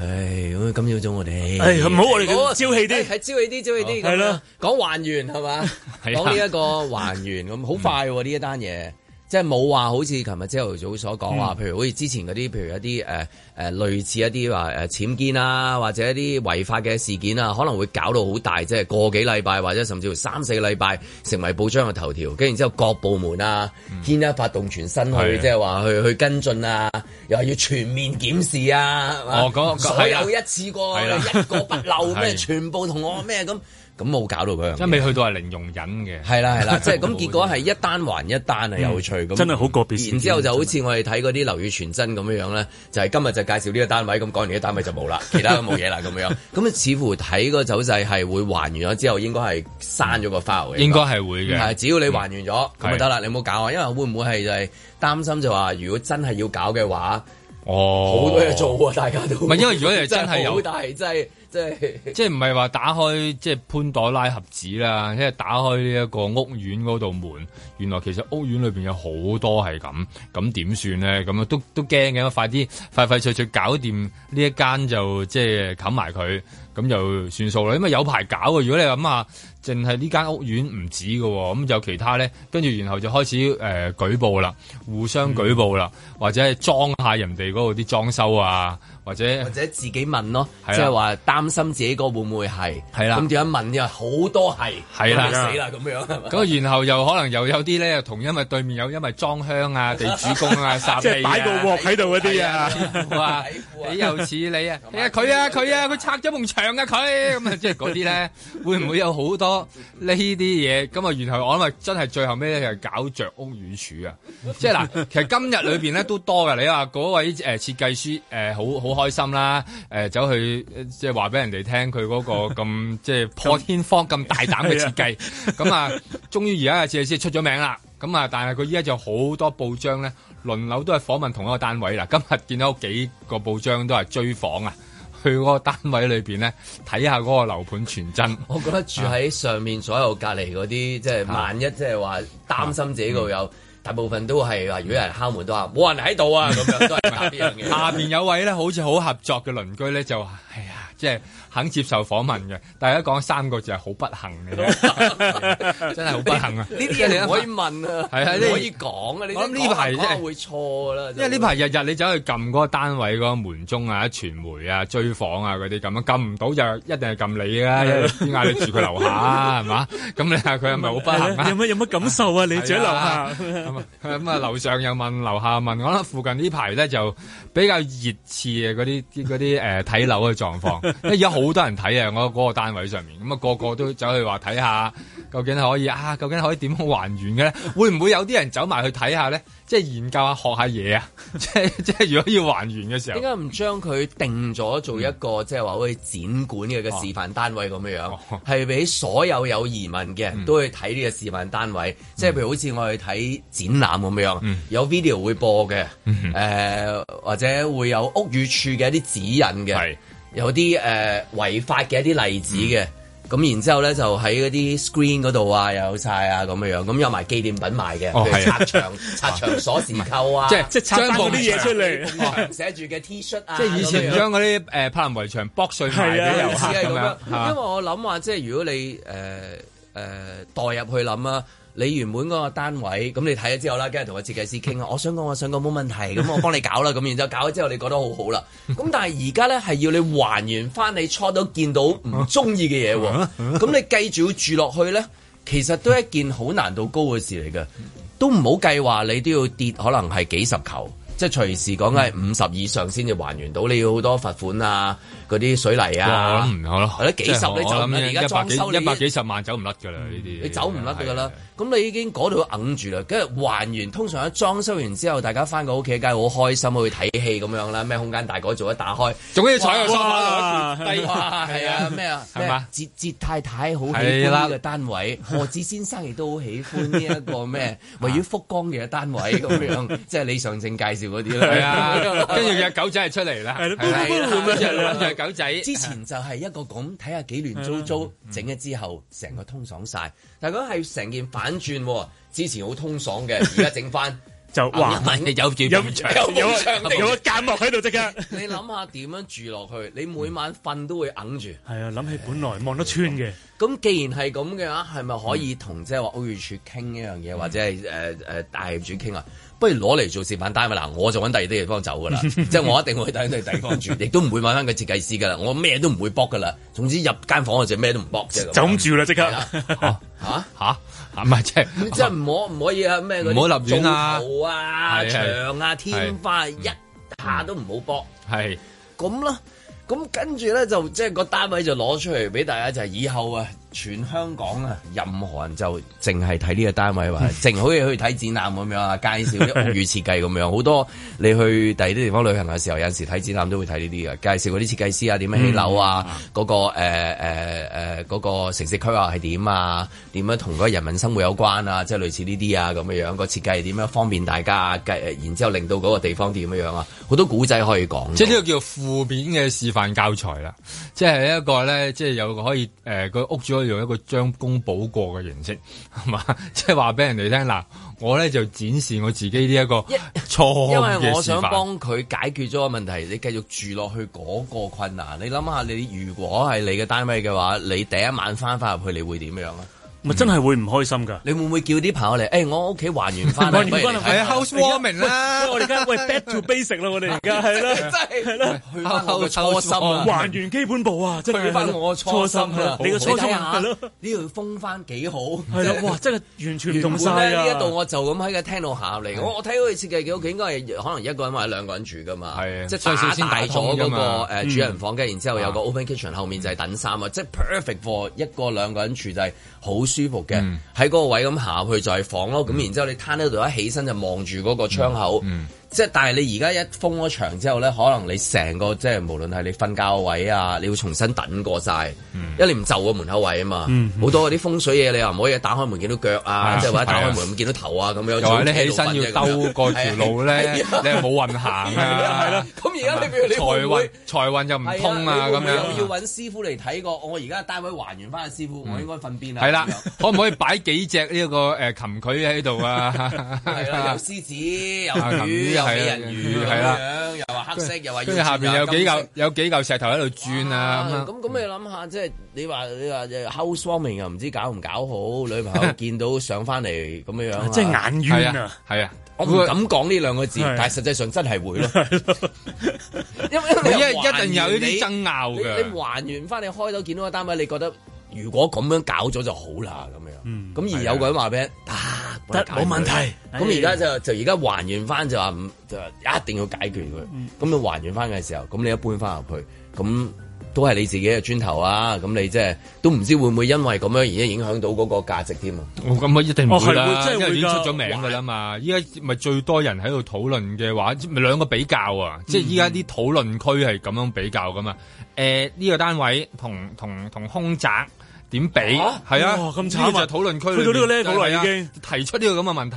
唉，今早我哋唉，咁今朝早我哋，誒唔好我哋咁朝氣啲，係朝氣啲，朝氣啲，係咯，講還原係嘛，講呢一個還原咁好 *laughs* 快喎、啊、呢、嗯、一單嘢。即係冇話好似琴日朝頭早所講話，譬如好似之前嗰啲，譬如一啲誒、呃、類似一啲話誒僭建啊，或者一啲違法嘅事件啊，可能會搞到好大，即係個幾禮拜，或者甚至乎三四個禮拜成為報章嘅頭條，跟住然之後各部門啊，嗯、牽一發動全身去，即係話去去跟進啊，又係要全面檢視啊，哦那個、所有一次過一個不漏咩， *laughs* 全部同我咩咁。咁冇搞到佢，即係未去到係零容忍嘅。係啦係啦，即係咁結果係一單還一單係有趣咁、嗯。真係好個別。然之後就好似我哋睇嗰啲樓宇傳真咁樣呢，咧，就係、是、今日就介紹呢個單位，咁講完呢個單位就冇啦， *laughs* 其他都冇嘢啦咁樣。咁似乎睇個走勢係會還完咗之後，應該係刪咗個花會。應該係會嘅。係，只要你還完咗，咁、嗯、就得啦，你冇搞啊，因為會唔會係就係擔心就話，如果真係要搞嘅話，哦，好多嘢做、啊、大家都。唔係，因為如果真係有，但 *laughs* 真 *laughs* 即係即係唔係話打開即係潘朵拉盒子啦，即係打開呢一個屋苑嗰度門，原來其實屋苑裏邊有好多係咁，咁點算咧？咁啊都都驚嘅，快啲快快脆脆搞掂呢一間就即係冚埋佢，咁就算數啦。因為有排搞啊，如果你諗下淨係呢間屋苑唔止噶，咁有其他咧，跟住然後就開始誒、呃、舉報啦，互相舉報啦，嗯、或者係裝下人哋嗰度啲裝修啊。或者或者自己問咯，即係話擔心自己個會唔會係係啦，咁點樣問又好多係係啦，死啦咁樣咁啊，然後，啊啊那個、然後又可能又有啲咧，又同因為對面有因為裝香啊、地主公啊、煞氣啊，即、就、係、是、擺個鑊喺度嗰啲啊，哇！你又似你啊，佢啊佢啊，佢拆咗埲牆啊佢咁啊，即係嗰啲咧，會唔會有好多呢啲嘢？咁啊，然後我諗真係最後尾咧又搞着屋宇署啊！即係嗱，其實今日裏邊咧都多嘅。你話嗰位誒設計師誒好好。開心啦！誒，走去即係話俾人哋聽佢嗰個咁即係破天荒咁大膽嘅設計。咁啊，終於而家嘅設計師出咗名啦。咁啊，但係佢依家就好多報章咧，輪流都係訪問同一個單位啦。今日見到幾個報章都係追訪啊，去嗰個單位裏邊咧睇下嗰個樓盤全真。我覺得住喺上面所有隔離嗰啲，即係萬一即係話擔心自己度有。大部分都係話如果有人敲門都話冇人喺度啊，咁樣都係打呢樣嘅。 *laughs* 下邊有位咧，好似好合作嘅鄰居咧，就話，係啊。即係肯接受訪問嘅，大家講三個字係好不幸嘅，真係好不幸啊！呢啲嘢你唔可以問啊，唔可以講啊！咁呢排即係會錯啦，因為呢排日日你走去撳嗰個單位嗰個門鐘啊、傳媒啊、追訪啊嗰啲咁啊，撳唔到就一定係撳你啊，一定嗌你住佢樓下啊，係嘛？咁你話佢係咪好不幸啊？有乜有乜感受啊？你住喺樓下咁啊？咁啊樓上有問樓下問我啦，附近呢排咧就比較熱刺嘅嗰啲啲嗰啲誒睇樓嘅狀況。而家好多人睇啊！我、那、嗰個單位上面，咁啊個個都走去話睇下，究竟可以啊？究竟可以點樣還原嘅咧？會唔會有啲人走埋去睇下咧？即係研究下、學下嘢啊！ *laughs* 即係即係，如果要還原嘅時候，點解唔將佢定咗做一個即係話可以展館嘅嘅示範單位咁樣樣？係、啊、俾所有有疑問嘅人都去睇呢個示範單位，嗯、即係譬如好似我哋睇展覽咁樣、嗯，有 video 會播嘅，誒、嗯呃、或者會有屋宇署嘅一啲指引嘅。有啲誒、呃、違法嘅一啲例子嘅，咁、嗯、然之後咧就喺嗰啲 screen 嗰度啊，又有曬啊咁樣，咁有埋紀念品賣嘅、哦，譬如拆牆、拆牆鎖匙扣啊，即係即係將嗰啲嘢出嚟，寫住嘅 T-shirt 啊，即係以前將嗰啲誒柏林圍牆 box 碎埋俾遊客咁樣，樣、啊，因為我諗話即係如果你誒誒、呃呃、代入去諗啊。你原本嗰個單位，咁你睇咗之後啦，跟住同個設計師傾啊， *laughs* 我想講，我想講冇問題，咁我幫你搞啦，咁然之後搞咗之後，你覺得好好啦。咁 *laughs* 但係而家咧係要你還原翻你初都見到唔中意嘅嘢喎，咁 *laughs* 你繼續要住落去咧，其實都係一件好難度高嘅事嚟嘅，都唔好計話你都要跌，可能係幾十球，即係隨時講緊係五十以上先至還原到，你要好多罰款啊。嗰啲水泥啊，我諗唔好咯，係咯，幾十、即係、你走啦，而家裝修你一百幾十萬走唔甩噶啦呢啲，你走唔甩噶啦，咁你已經嗰度揞住啦，跟住還完，通常一裝修完之後，大家翻個屋企梗係好開心去睇戲咁樣啦，咩空間大改做一打開，仲要踩個沙發，係啊咩啊，即係節節太太好喜歡嘅單位，何志先生亦都好喜歡呢一個咩位於福江嘅單位咁 *laughs* 樣，即係李尚正介紹嗰啲啦，跟住隻狗仔係出嚟啦，係啦。狗仔之前就係一個咁睇下幾亂糟糟，整咗之後成個通爽晒，但係佢係成件反轉，之前好通爽嘅，而家整翻就橫橫、嗯、有住、嗯嗯、有、嗯、有牆、嗯、有間落喺度即刻。你諗下點樣住落去？你每晚瞓都會揞住。係、嗯、啊，諗起本來望得穿嘅。咁既然係咁嘅話，係咪可以同即係話屋宇署傾呢樣嘢，或者係誒誒大業主傾啊？可以攞嚟做示範單位，嗱，我就搵第二啲地方走噶啦， *laughs* 即係我一定會揾第二啲地方住，亦都唔會搵翻個設計師噶啦，我咩都唔會卜噶啦。總之入間房我就咩都唔卜啫，就咁住啦即刻吓？吓、啊？嚇即係即係唔可唔可以啊咩唔好總圖啊牆啊天花啊是是一下都唔好卜係咁咯，咁跟住咧就即係個單位就攞出嚟俾大家就係、是、以後啊。全香港啊，任何人就淨係睇呢個單位話，淨可以去睇展覽咁樣啊，介紹啲屋宇設計咁樣，好 *laughs* 多。你去第二啲地方旅行嘅時候，有陣時睇展覽都會睇呢啲嘅介紹啲設計師啊，點樣起樓啊，嗯那個誒誒誒個城市規劃係點啊，點樣同個人民生活有關啊，即係類似呢啲啊咁樣樣個設計係點樣方便大家，啊，計然之後令到個地方點樣樣啊？好多古仔可以講，即係呢個叫做負面嘅示範教材啦。即係一個咧，即係有個可以誒、呃、個屋主。用一個將功補過嘅形式，係嘛？即係話俾人哋聽嗱，我咧就展示我自己呢一個錯誤嘅示範。因為我想幫佢解決咗個問題，你繼續住落去嗰個困難，你諗下，你如果係你嘅單位嘅話，你第一晚翻翻入去，你會點樣啊？咪真係會唔開心㗎，嗯？你會唔會叫啲朋友嚟？誒、欸，我屋企還原翻，還可能係 house warming 啦！我而家喂 back to basic 咯，我哋而家係咯，真係係咯，去翻我嘅初心，還原基本步啊！即係要翻我初心，你個初心下咯，呢度封返幾好？係咯，哇！真係完全唔同曬啦！呢一度我就咁喺個廳度下嚟嘅。我睇嗰佢設計幾好，佢應該係可能一個人或者兩個人住㗎嘛。係即係打大咗個主人房，跟住然之後有個 open kitchen，後面就係等衫啊！即係 perfect for 一個兩個人住就係。好舒服嘅，喺、嗯、嗰個位咁下去就係房咯，咁然之後，你攤喺度一起身就望住嗰個窗口。嗯嗯即但係你而家一封咗牆之後咧，可能你成個即係無論係你瞓覺的位啊，你要重新揼過晒、嗯、因為你唔就個門口位啊嘛，好、嗯、多嗰啲風水嘢你又唔可以打開門見到腳啊，即、嗯、係或者打開門見到、啊嗯、開門見到頭啊咁樣。就你起身要兜個條路咧、 *laughs* 啊，你係冇運行。咁而家你譬如你會唔會財運，財運就唔通啊咁樣、啊？你會會要揾師傅嚟睇過、啊、我而家單位還原翻嘅師傅、嗯，我應該瞓邊啊？係啦，啊、 *laughs* 可唔可以擺幾隻呢、呢個、呃、琴佢喺度啊？有獅子，有魚。 *laughs* 美人魚係啦，又話黑色，又話，跟住下邊有幾嚿有幾嚿石頭喺度轉啊！咁咁你諗下，即係你話你話 housewarming 又唔知搞唔搞好，女朋友見到上翻嚟咁樣樣，真係眼冤啊！係啊，啊，啊，啊，我唔敢講呢兩個字，是啊、但係實際上真係會咯， *laughs* 因為一一定有啲爭拗嘅。你還原翻你開到見到個單位，你覺得？如果咁樣搞咗就好啦，咁、嗯、樣。咁而有個人話俾，得得冇問題。咁而家就就而家還原翻就話，就一定要解決佢。咁、嗯、你還原翻嘅時候，咁你一搬翻入去，咁都係你自己嘅磚頭啊。咁你即、就、係、是、都唔知會唔會因為咁樣而影響到嗰個價值添啊？我咁啊一定唔會啦，因、哦、為已經出咗名㗎啦嘛。依家咪最多人喺度討論嘅話，咪兩個比較啊，嗯嗯即係依家啲討論區係咁樣比較㗎嘛。呢、呃呢個單位同同同空宅。點比係啊？呢、啊，這個就討論區去到呢、這個 level、就是啊，這個、已經提出呢個咁嘅問題。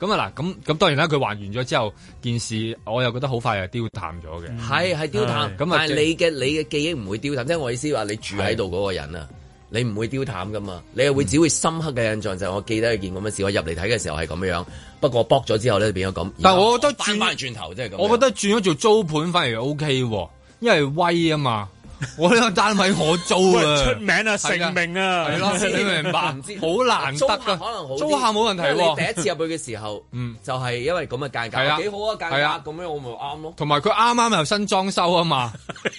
咁啊嗱，咁咁當然啦，佢還完咗之後，件事我又覺得好快又丟淡咗嘅。係係丟淡，咁但係你嘅你嘅記憶唔會丟淡，即、就、係、是、我意思話，你住喺度嗰個人啊，你唔會丟淡噶嘛，你又會只會深刻嘅印象就係、是、我記得一件咁嘅事，我入嚟睇嘅時候係咁樣，不過我剝咗之後咧，變咗咁。但係我覺得轉翻轉頭，即、就、係、是、我覺得轉咗做租盤、OK 啊，反而 OK，因為威啊嘛。我呢、這個單位我租啊，出名啊，成名啊，係咯，你明白唔知好難得噶，租客可能租客冇問題、啊。你第一次入去嘅時候，嗯、就係、是、因為咁嘅價格，係幾好啊，價格，咁樣我咪啱咯。同埋佢啱啱又新裝修啊嘛，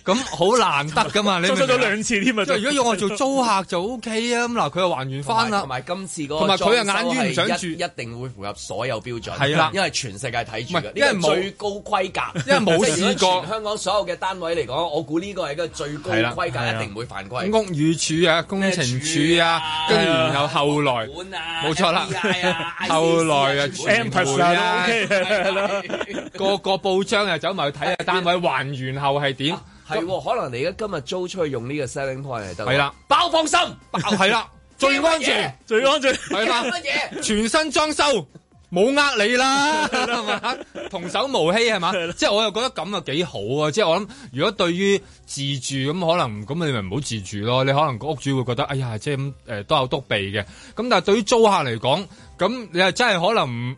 咁 *laughs* 好難得噶嘛，你租咗兩次添啊，就如果用我做租客就 O、OK、K 啊。咁嗱，佢又還原翻啦，同埋今次個，同埋佢又眼冤唔想住，一定會符合所有標準係啦，因為全世界睇住因呢、這個、最高規格，因為冇，即、就、係、是、香港所有嘅單位嚟講， *laughs* 我估呢個係一個最。係啦，規格一定唔會犯規。屋宇署啊，工程署啊，跟住、啊、然後後來，冇、啊、錯啦，啊、 *laughs* 後來啊，盤啊，個、啊 OK, *laughs* 個報章啊，走埋去睇下單位還原後係點？係、啊、喎，可能你而家今日租出去用呢個 selling point 嚟得。係啦，包放心，係啦， *laughs* 最安全， *laughs* 最安全，係嘛？乜嘢？全新裝修。 *laughs* 冇呃你啦，係 *laughs* 嘛，童叟無欺，係嘛， *laughs* 即係我又覺得咁就幾好啊。即係我諗，如果對於自住咁，可能咁你咪唔好自住咯。你可能個屋主會覺得哎呀，即係咁、呃、都有口多鼻嘅咁，但係對於租客嚟講，咁你係真係可能。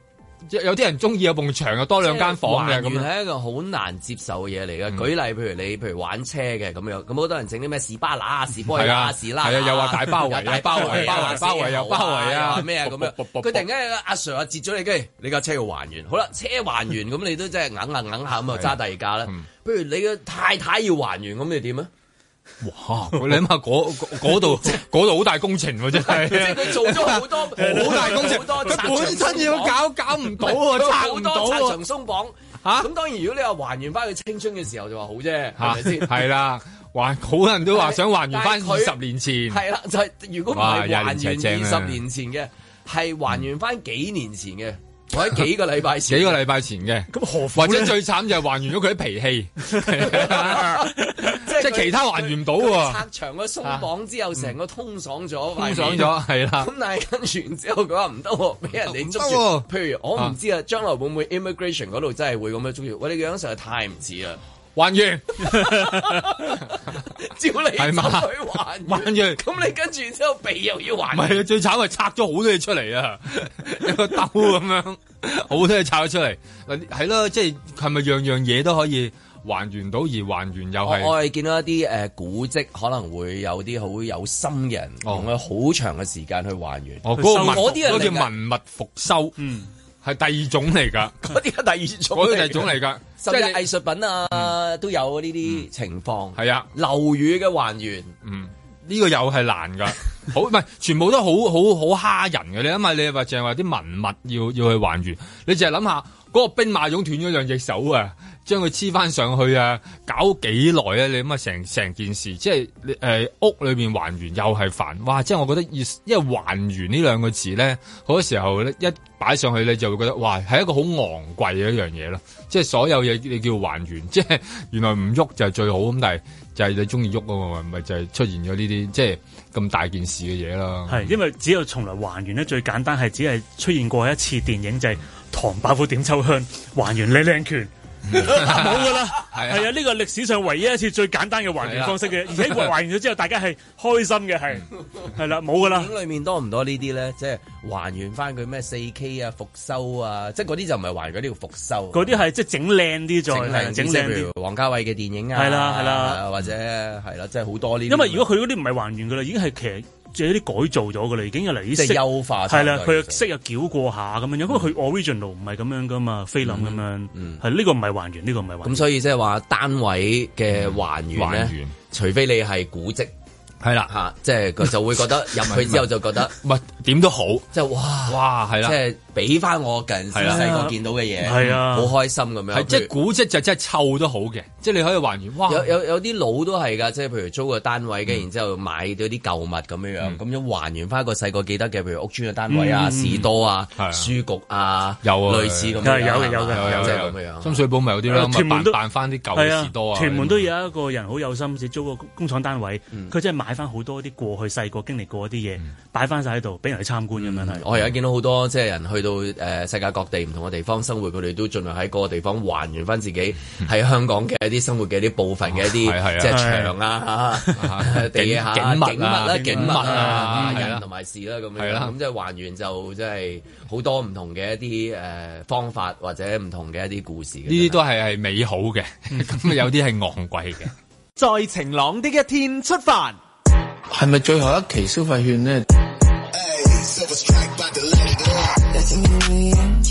即有啲人中意有埲牆啊，多兩間房嘅咁樣，係、就是、一個好難接受嘅嘢嚟嘅。嗯、舉例，譬如你譬如玩車嘅咁樣，咁好多人整啲咩士巴拿？乸、士波乸、士啦啊，啊啦又話大包圍、啊啊、大包圍、啊、包包圍又包圍啊咩啊咁、啊啊啊、 *laughs* 樣。佢突然間阿、啊、Sir 啊截咗你，跟住你架車要還原。 *laughs* 好啦，車還原咁你都真係硬下硬下咁又揸第二架啦。不、啊啊嗯、如你嘅太太要還原咁你點啊？哇！你諗下嗰嗰度，嗰度好大工程喎、啊，真係， *laughs* *laughs* 即係佢做咗好多好 *laughs* 大工程，佢 *laughs* 本身要搞搞唔到， *laughs* 差唔多拆牆鬆綁吓。咁 *laughs* 當然，如果你話還原翻佢青春嘅時候，就，就話好啫，係咪先？係 *laughs* 啦、啊，還好多人都話想還原翻十年前，係啦、啊，就係、是、如果唔係還原二十年前嘅，係、啊、還原翻幾年前嘅。嗯我喺幾個禮拜前，幾個禮拜前嘅，或者最慘就係還原咗佢啲脾氣， *laughs* *laughs* 即係其他還原唔到喎。拆牆個鬆綁之後，成、啊、個通爽咗，通爽咗係啦。咁但係跟完之後，佢話唔得喎，俾人哋捉住。不行不行，譬如我唔知啊，將來會唔會 Immigration 嗰度真係會咁樣捉住？我哋個樣實在太唔似啦。還原 *laughs* ，照你佢還原，咁你跟住之後，鼻又要還，唔係啊！最慘係拆咗好多嘢出嚟啊， *laughs* 一個兜咁樣，好多嘢拆咗出嚟嗱，係咯，即係係咪樣樣嘢都可以還原到？而還原又係、哦、我係見到一啲誒、呃、古蹟，可能會有啲好有心人，用咗好長嘅時間去還原，哦，嗰啲好似文物復修，嗯。係第二種嚟噶，嗰啲係第二種嚟噶，嗰啲係嚟噶，即係藝術品啊，嗯、都有呢啲情況。係、嗯嗯、啊，樓宇嘅還原，嗯，呢、呢個又係難噶， *laughs* 好唔係全部都好好好蝦人嘅。你諗下，你話淨係話啲文物要要去還原，你淨係諗下嗰個兵馬俑斷咗兩隻手啊！將佢黐翻上去啊！搞幾耐啊？你咁啊，成成件事即係誒、呃、屋裏面還原又係煩哇！即係我覺得意，因為還原呢兩個字咧，好多時候咧，一擺上去你就會覺得哇，係一個好昂貴嘅一樣嘢咯。即係所有嘢你叫還原，即係原來唔喐就係最好咁，但係就係你中意喐啊嘛，咪就係出現咗呢啲即係咁大件事嘅嘢咯。係因為只有從來還原咧，最簡單係只係出現過一次電影就係、是《唐伯虎點秋香》，還原靚靚拳。冇噶啦，係啊，呢、啊啊這個歷史上唯一一次最簡單嘅還原方式嘅、啊，而且還原咗之後，大家係開心嘅，係係啦，冇噶啦。咁 *laughs* 裏面多唔多呢啲咧？即、就、係、是、還原翻佢咩四 K 啊，復修啊，即係嗰啲就唔、是、係還原呢個復修。嗰啲係即係整靚啲再整靚整靚啲。譬如王家衛嘅電影啊，係啦係啦，或者係啦，即係好多呢啲。因為如果佢嗰啲唔係還原噶啦，已經係劇。即係啲改造咗㗎啦，已經係嚟啲優係優化，係啦，佢又適又矯過下咁樣樣，因為佢 original 唔係咁樣噶嘛、嗯，菲林咁樣。嗯，係呢、這個唔係還原，呢、嗯這個唔係係咁，所以即係話單位嘅還原咧、嗯，除非你係古蹟。係啦，吓即係就會覺得入去之後就覺得唔係點都好，即、就、係、是、哇哇係啦，即係俾翻我近時細個見到嘅嘢，係啊，好開心咁樣。即係、就是、古蹟就真、是、係、就是、臭都好嘅，即、就、係、是、你可以還原。哇有有有啲佬都係噶，即、就、係、是、譬如租個單位，嘅、嗯、然之後買咗啲舊物咁樣、嗯、樣，咁樣還原翻個細個記得嘅，譬如屋邨嘅單位啊、嗯、士多啊、啊、書局啊，有類似咁樣、樣、就是、樣，有嘅有嘅，即係咁樣樣。有有深水埗咪有啲咯，扮扮翻啲舊嘅士多啊。屯門都有一個人好有心，即係租個工廠單位，佢真係擺翻好多啲過去細個經歷過啲嘢，擺翻曬喺度俾人去參觀咁樣係。我而家見到好多即係人去到誒世界各地唔同嘅地方生活，佢哋都盡量喺各個地方還原翻自己喺香港嘅一啲生活嘅一啲部分嘅一啲即係牆啊、地啊、景物啦、景物啊、人同埋事啦咁樣。係啦，咁即係還原就即係好多唔同嘅一啲誒方法或者唔同嘅一啲故事。呢啲都係係美好嘅，咁 *laughs* *laughs* 有啲係昂貴嘅。 *laughs* 在晴朗的一天出發。係咪最後一期消費券咧、hey, *music* ？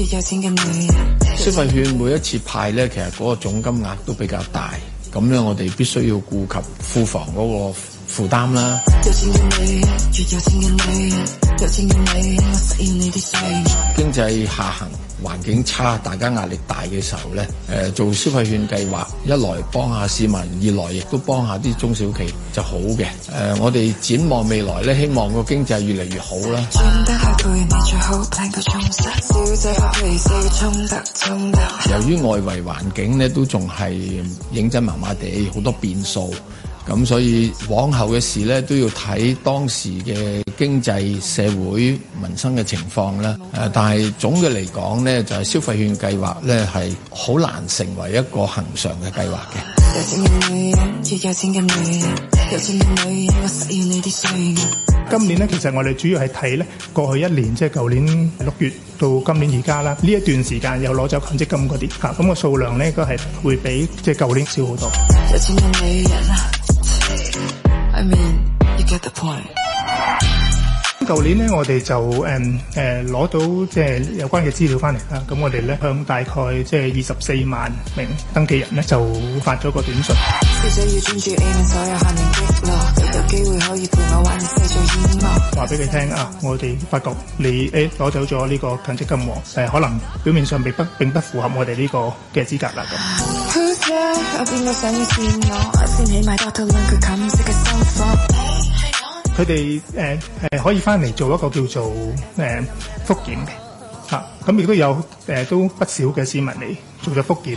消費券每一次派咧，其實嗰個總金額都比較大，咁咧我哋必須要顧及庫房嗰個負擔啦。經濟下行。環境差，大家壓力大嘅時候咧，誒、呃、做消費券計劃，一來幫下市民，二來亦都幫下啲中小企就好嘅。誒、呃，我哋展望未來咧，希望個經濟越嚟越好啦。由於外圍環境咧，都仲係認真麻麻地，好多變數。咁所以往後嘅事咧，都要睇當時嘅經濟、社會、民生嘅情況啦、誒。但係總嘅嚟講咧，就係、是、消費券計劃咧係好難成為一個恒常嘅計劃嘅。今年咧，其實我哋主要係睇咧過去一年，即係舊年六月到今年而家啦，呢一段時間有攞走強積金嗰啲嚇，咁、那個數量咧，應該係會比即係舊年少好多。有錢 I mean, you get the point. 舊年呢，我哋就誒誒攞到即係、呃、有關嘅資料翻嚟啦。咁我哋咧向大概即係二十四萬名登記人咧，就發咗個短信。 *music* 話俾佢聽啊，我哋發覺你誒攞走咗呢個緊急金喎，誒可能表面上並不並不符合我哋呢個嘅資格啦咁。佢哋誒誒可以翻嚟做一個叫做誒復檢嘅吓，咁亦都有誒都不少嘅市民嚟做咗復檢。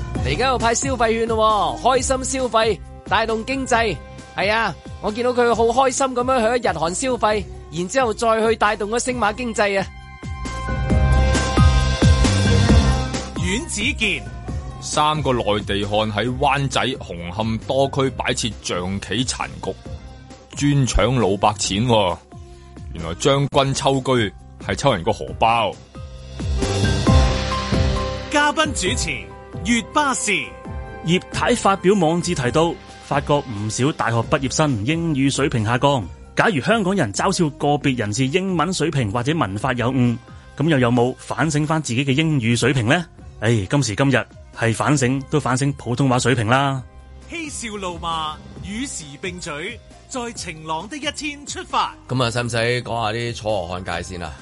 嚟，而家又派消費券咯，開心消費帶動經濟。係啊，我見到佢好開心咁樣去咗日韓消費，然之後再去帶動咗星馬經濟啊。阮子健，三個內地漢喺灣仔紅磡多區擺設象棋殘局，專搶老百錢。原來將軍抽車係抽人個荷包。嘉賓主持。月巴士葉太發表網誌提到，發覺唔少大學畢業生英語水平下降。假如香港人嘲笑個別人士英文水平或者文法有誤，咁又有冇反省翻自己嘅英語水平呢？誒、哎，今時今日係反省都反省普通話水平啦。嬉笑怒罵與時並舉，在晴朗的一天出發。咁 *laughs* 啊，使唔使講下啲楚河漢界先啊？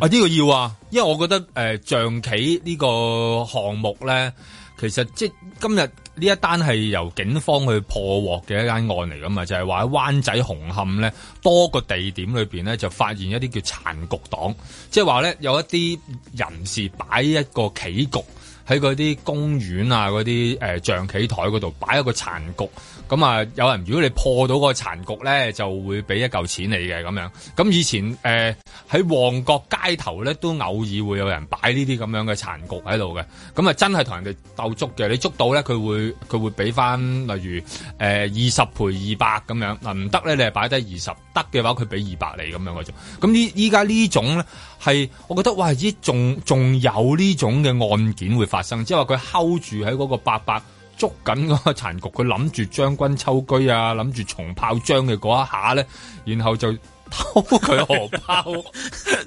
啊，呢個要啊，因為我覺得誒、呃、象棋呢個項目呢。其實即係今日呢一單係由警方去破獲嘅一單案嚟㗎嘛，就係話喺灣仔紅磡呢多個地點裏面呢，就發現一啲叫殘局黨，即係話呢有一啲人士擺一個棋局喺嗰啲公園啊，嗰啲誒象棋台嗰度擺一個殘局。咁、嗯、啊，有人如果你破到個殘局咧，就會俾一嚿錢你嘅咁樣。咁以前誒喺、呃、旺角街頭咧，都偶爾會有人擺呢啲咁樣嘅殘局喺度嘅。咁啊，真係同人哋鬥捉嘅。你捉到咧，佢會佢會俾翻例如誒二十賠二百咁樣。嗱，唔得咧，你係擺低二十，得嘅話佢俾二百你咁樣嗰種。咁呢依家呢種咧係，我覺得哇！仲仲有呢種嘅案件會發生，即係話佢睺住喺嗰個八百。.捉緊嗰個殘局，佢諗住將軍抽車啊，諗住重炮將嘅嗰一下咧，然後就偷佢荷包。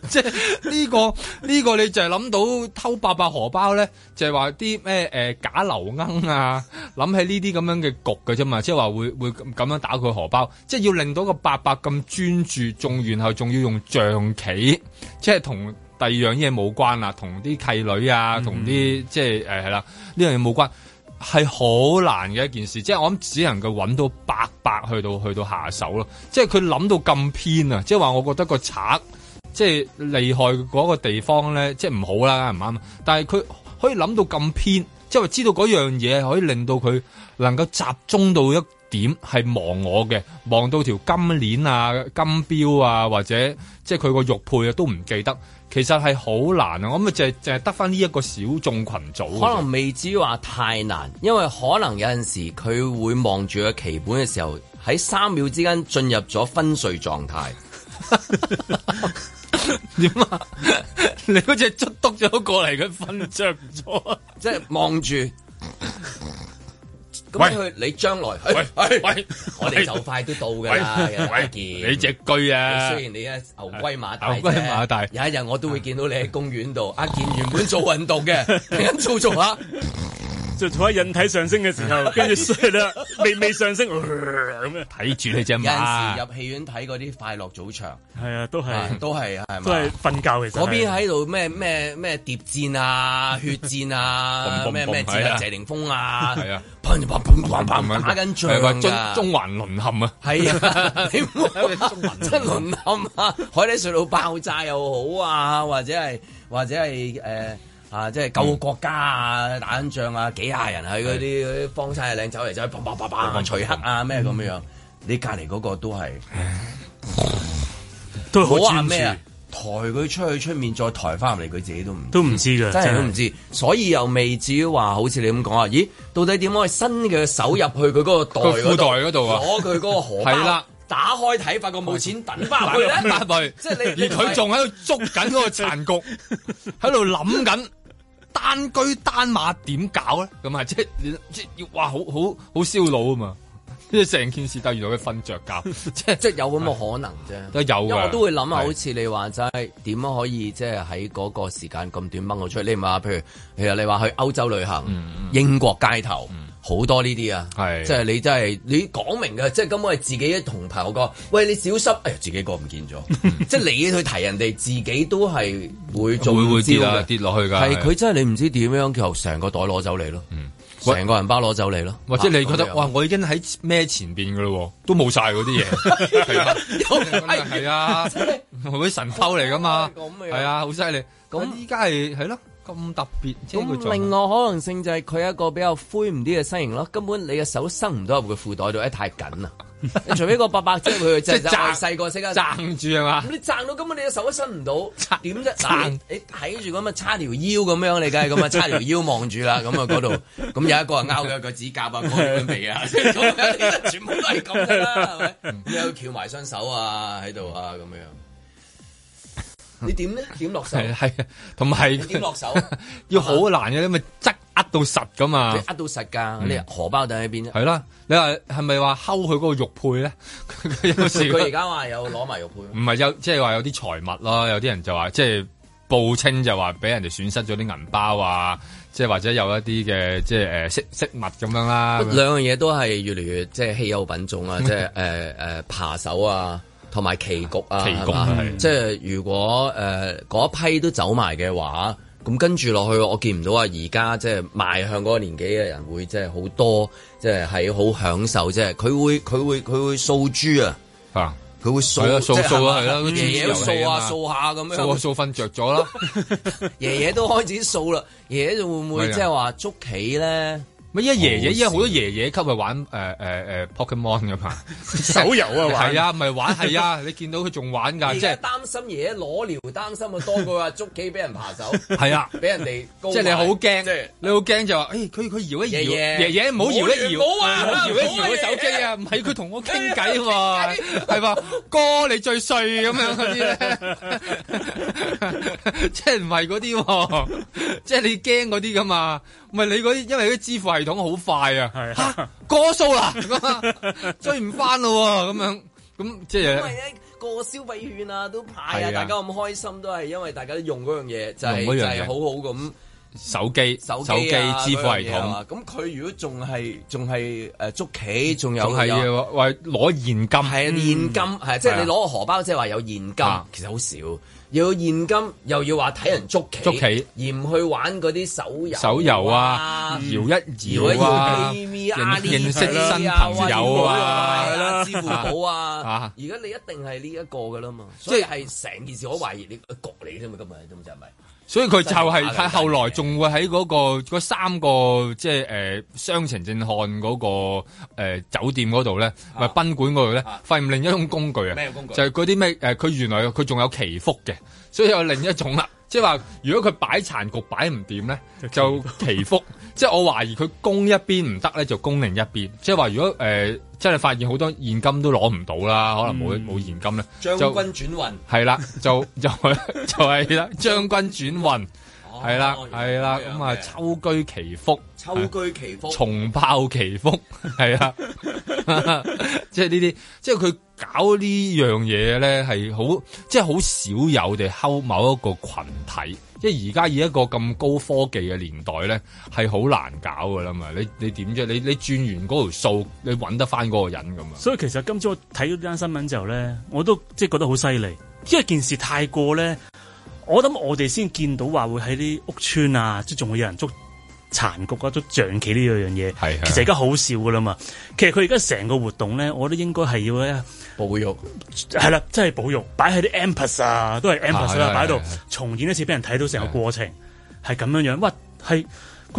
即係呢個呢個你就係諗到偷八百荷包咧，就係話啲咩誒假流罌啊，諗起呢啲咁樣嘅局嘅啫嘛，即係話會會咁樣打佢荷包，即係要令到個八百咁專注，仲然後仲要用象棋，即係同第二樣嘢冇關啦，同啲契女啊，同啲即係誒係啦，呢樣嘢冇關。係好難嘅一件事，即係我諗只能夠搵到百百去到去到下手咯。即係佢諗到咁偏啊，即係話我覺得個賊即係厲害嗰個地方咧，即係唔好啦，梗係唔啱。但係佢可以諗到咁偏，即係話知道嗰樣嘢可以令到佢能夠集中到一點係望我嘅，望到條金鏈啊、金錶啊，或者即係佢個玉佩啊，都唔記得。其實係好難啊，我咪就係淨係得返呢一個小眾群組，可能未至於話太難，因為可能有陣時佢會望住個棋盤嘅時候，喺三秒之間進入咗昏睡狀態。點 *laughs* *laughs* 樣啊？ *laughs* 你好似卒督咗過嚟，佢瞓着咗，即係望住。咁去你將來，哎喂哎、喂我哋就快都到嘅。阿健，你只居啊！雖然你啊牛龜馬大，牛龜馬大。有一日我都會見到你喺公園度、嗯。阿健原本做運動嘅， *laughs* 你做一做一下就做下引體上升嘅時候，跟住衰啦，未未上升咁 *laughs* 樣。睇住你隻馬。有陣時入戲院睇嗰啲快樂早場，係啊，都係都係係都係瞓覺其實邊。嗰邊喺度咩咩咩諜戰啊，血戰啊，咩咩戰啊，謝霆鋒啊，係啊。砰砰打緊仗，中中環淪陷啊！係啊，點解會中環淪陷啊？海底隧道爆炸又好啊，或者係或者係誒、呃、啊，即係救國家啊，打緊仗啊，幾廿人喺嗰啲嗰啲幫晒領走嚟走去砰啪啪砰除黑啊咩咁樣？嗯、你隔籬嗰個都係都好咩啊？抬佢出去出面，再抬翻入嚟，佢自己都唔都唔知噶，真係都唔知，所以又未至於話好似你咁講啊！咦，到底點可以伸嘅手入去佢嗰個袋嗰 *laughs* 袋嗰度啊？攞佢嗰個荷包，係 *laughs* 啦，打開睇，發覺冇錢等翻嚟 *laughs* 進去即係 *laughs* 你而佢仲喺度捉緊嗰個殘局，喺度諗緊單車單馬點搞咧？咁 *laughs* 啊，即係即係要好好好燒腦啊嘛！即係成件事突然我瞓著覺、 *laughs* 就是，即係即係有咁嘅可能啫， *laughs* 有。因為我都會諗下，好似你話齋，點樣可以即係喺嗰個時間咁短掹我出嚟。你話譬如其實你話去歐洲旅行、嗯，英國街頭好、嗯、多呢啲啊，係即係你真係你講明嘅，即、就、係、是、根本係自己一同朋友個，喂你小心，哎自己個唔見咗，即 *laughs* 係你去提人哋，自己都係會做，會會跌跌落去噶，係佢真係你唔知點樣，就成個袋攞走你咯。嗯成個銀包攞走嚟咯，或者你覺得哇、呃呃，我已經喺孭前邊嘅咯，都冇晒嗰啲嘢，係 *laughs* 啊，係用啊，嗰啲是神偷嚟噶嘛，係啊，好犀利。咁依家係係咯，咁講、啊、特別。咁那種另外可能性就係佢一個比較灰唔啲嘅身形咯，根本你嘅手伸唔到入佢褲袋度，因為太緊啦。 *laughs* 除非個白白追佢，即係撐細個識啊，撐住係嘛？你撐到根本你隻手都伸唔到，點啫？撐你睇住咁啊，叉條腰咁樣， *laughs* 你梗係咁啊，叉條腰望住啦，咁啊嗰度，咁有一個人咬佢個指甲啊，嗰啲咁未啊？全部都係咁啦，係咪？要翹埋雙手啊，喺度啊，咁樣。 *laughs* 你點咧？點落 *laughs* *laughs* *laughs* *laughs* 手？係 *laughs* 那樣，同埋點落手要好難嘅，因 *laughs* 呃，到實噶嘛？即係到實噶、嗯，你荷包袋喺邊係係啦，你話係咪話勾佢嗰個玉佩咧？佢而家話有攞埋玉佩。唔 *laughs* 係有，有，即係話有啲財物咯。有啲人就話，即、就、係、是、報稱就話俾人哋損失咗啲銀包啊，即、嗯、係或者有一啲嘅即係誒，飾、就、飾、是、物咁樣啦、啊。兩樣嘢都係越嚟越即係稀有品種啊，即係誒誒扒手啊，同埋棋局啊，即係、啊就是、如果誒嗰、呃、批都走埋嘅話。咁跟住落去，我見唔到啊！而家即係邁向嗰個年紀嘅人會即係好多，即係係好享受，即係佢會佢會佢會掃珠啊！嚇，佢會掃啊掃掃啊，係啦，爺爺都掃下掃下咁樣，掃瞓著咗啦！啊 *laughs* *laughs* 爺爺都開始掃啦， *laughs* 爺爺就會唔會即係話捉棋咧？乜一爺爺，依家好多爺爺級咪玩、呃呃、Pokemon 噶嘛，手遊啊玩。係啊，唔係玩係啊， *laughs* 你見到佢仲玩㗎，即係擔心爺爺攞聊，擔心佢多過話捉機俾人爬手。係啊，俾人哋即係你好驚、就是，你好驚就話誒，佢、欸、佢搖一搖，爺爺唔好搖一搖，唔好、啊啊啊啊啊、搖一搖手機啊，唔係佢同我傾偈喎，係話，哥 *laughs* 你最衰咁樣嗰啲呢？即係唔係嗰啲，喎，即係你驚嗰啲㗎嘛。唔係你嗰啲，因為啲支付系統好快啊！嚇過數啦， *laughs* 追唔翻咯喎！咁樣咁即係因為個消費券啊都派啊，啊，大家咁開心都係因為大家都用嗰樣嘢就係、是、就係、是、好好咁手機手，機、啊、手機支付系統啊！咁佢如果仲係仲係誒捉棋，仲有係話攞現金係啊、嗯、現金啊即係你攞個荷包即係話有現金，啊、其實好少。要現金，又要話睇人捉棋，捉棋，而唔去玩嗰啲手遊、啊、手遊啊、搖一搖啊、V R 呢啲認識新朋友啊、係啦，支付寶啊，而、啊、家、啊啊啊啊啊、你一定係呢一個噶啦嘛，即係係成件事，我懷疑你國嚟啫嘛，根本係咁樣認為。所以佢就係喺後來仲會喺嗰嗰三個即係誒雙情正漢嗰誒酒店嗰度咧，咪、啊、係賓館嗰度咧，發現另一種工具啊！咩工具？就係啲咩誒佢原來佢仲有祈福嘅，所以有另一種啦。啊 *laughs* 即係話，如果佢擺殘局擺唔掂咧，就祈福。即 *laughs* 係我懷疑佢供一邊唔得咧，就供另一邊。即係話，如果誒，即、呃、係發現好多現金都攞唔到啦、嗯，可能冇冇現金咧，將軍轉運係啦，就就就係啦，將 *laughs* 軍轉運。係、哦、啦，係啦，咁啊、嗯，秋居其福，秋居其福，重爆其福，係 *laughs* 啊是的，即 *laughs* 係、 *laughs* 就是、呢啲，即係佢搞呢樣嘢咧，係好，即係好少有地勾某一個群體，即係而家以一個咁高科技嘅年代咧，係好難搞噶啦嘛，你你點啫？你你轉完嗰條數，你揾得翻嗰個人咁啊？所以其實今朝我睇咗呢單新聞之後咧，我都即係、就是、覺得好犀利，因為件事太過咧。我諗我哋先見到話會喺啲屋村啊，即仲會有人捉殘局啊，捉象棋呢樣嘢。其實而家好少噶啦嘛。其實佢而家成個活動咧，我都應該係要咧保育，係啦，即係保育，擺喺啲 ampers 啊，都係 ampers 啦、啊，擺喺度重現一次俾人睇到成個過程係咁樣樣，哇，係。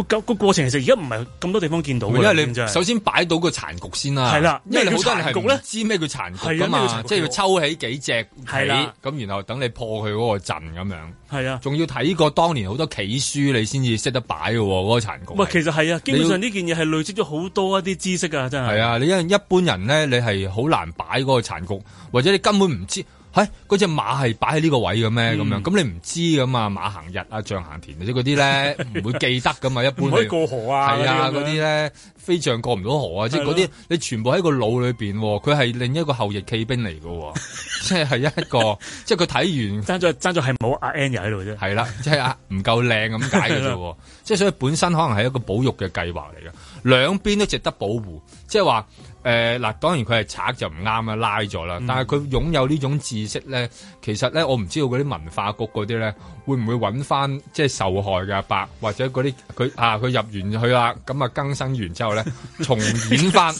個個過程其實而家唔係咁多地方見到嘅，因為你,你首先擺到個殘局先啦、啊。係啦，咩叫殘局咧？知咩叫殘局噶嘛？即係要抽起幾隻棋咁，然後等你破佢嗰個陣咁樣。係啊，仲要睇過當年好多棋書你，你先至識得擺嘅嗰個殘局。其實係啊，基本上呢件嘢係累積咗好多一啲知識啊。真係。係啊，你一一般人咧，你係好難擺嗰個殘局，或者你根本唔知。嗰、啊、隻馬係擺喺呢個位嘅咩？咁、嗯、咁你唔知㗎嘛，馬行日啊，象行田啊，嗰啲咧唔會記得噶嘛？一般可以過河啊，係啊，嗰啲咧飛象過唔到河啊， *laughs* 即係嗰啲你全部喺個腦裏面喎。佢係另一個後翼騎兵嚟喎。 *laughs* 即係係一個即係佢睇完爭咗爭咗係冇阿 N 喺度啫。係啦，即係阿唔夠靚咁解嘅啫。即係所以本身可能係一個保育嘅計劃嚟嘅，兩邊都值得保護，即係話。誒、呃、嗱，當然佢係賊就唔啱啦，拉咗啦。但係佢擁有呢種知識咧，其實咧，我唔知道嗰啲文化局嗰啲咧，會唔會揾翻即係受害嘅阿伯，伯，或者嗰啲佢啊佢入完去啦，咁啊更生完之後咧，重演翻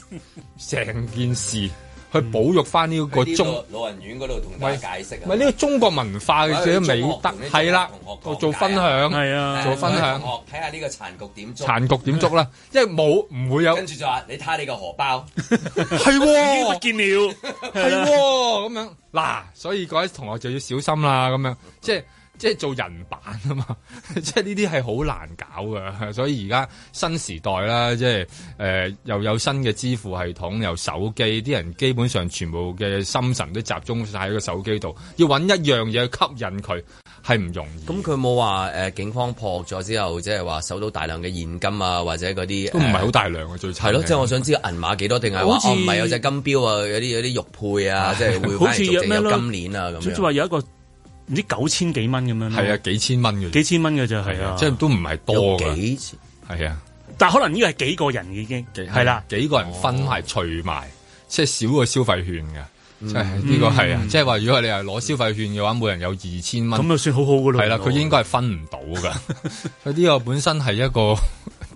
成件事。去保育翻呢個中老人院嗰度同大家解釋啊！咪呢、呢個中國文化嘅啲美德係啦，我做分享啊，做分享。睇下呢個殘局點捉？殘局點捉啦！即係冇唔會有。跟住就話你睇下你個荷包係喎，唔、 *laughs* 啊、見了係喎咁樣嗱，所以各位同學就要小心啦咁樣，即係。即係做人版啊嘛！即係呢啲係好難搞㗎。所以而家新時代啦，即係誒、呃、又有新嘅支付系統，又手機啲人基本上全部嘅心神都集中晒喺個手機度，要揾一樣嘢去吸引佢係唔容易。咁佢冇話警方破咗之後，即係話收到大量嘅現金啊，或者嗰啲、呃、都唔係好大量嘅、啊、最差係咯。即係我想知銀碼幾多，定係話唔係有隻金錶啊，有啲有啲玉佩啊，即係會今年、啊、好似咩咯？金鏈啊咁。即係話有一個唔知九千幾蚊咁樣，係啊，幾千蚊嘅，幾千蚊嘅啫，係啊，啊，即係都唔係多嘅，有幾千，係啊，但係可能呢個係幾個人已經係啦，啊、幾個人分係除埋，即係少個消費券嘅、嗯，即係呢個係啊、嗯，即係話如果你係攞消費券嘅話，每人有二千蚊，咁就算好好噶啦，係啦、啊，佢應該係分唔到噶，佢 *laughs* 呢個本身係一個。 *laughs*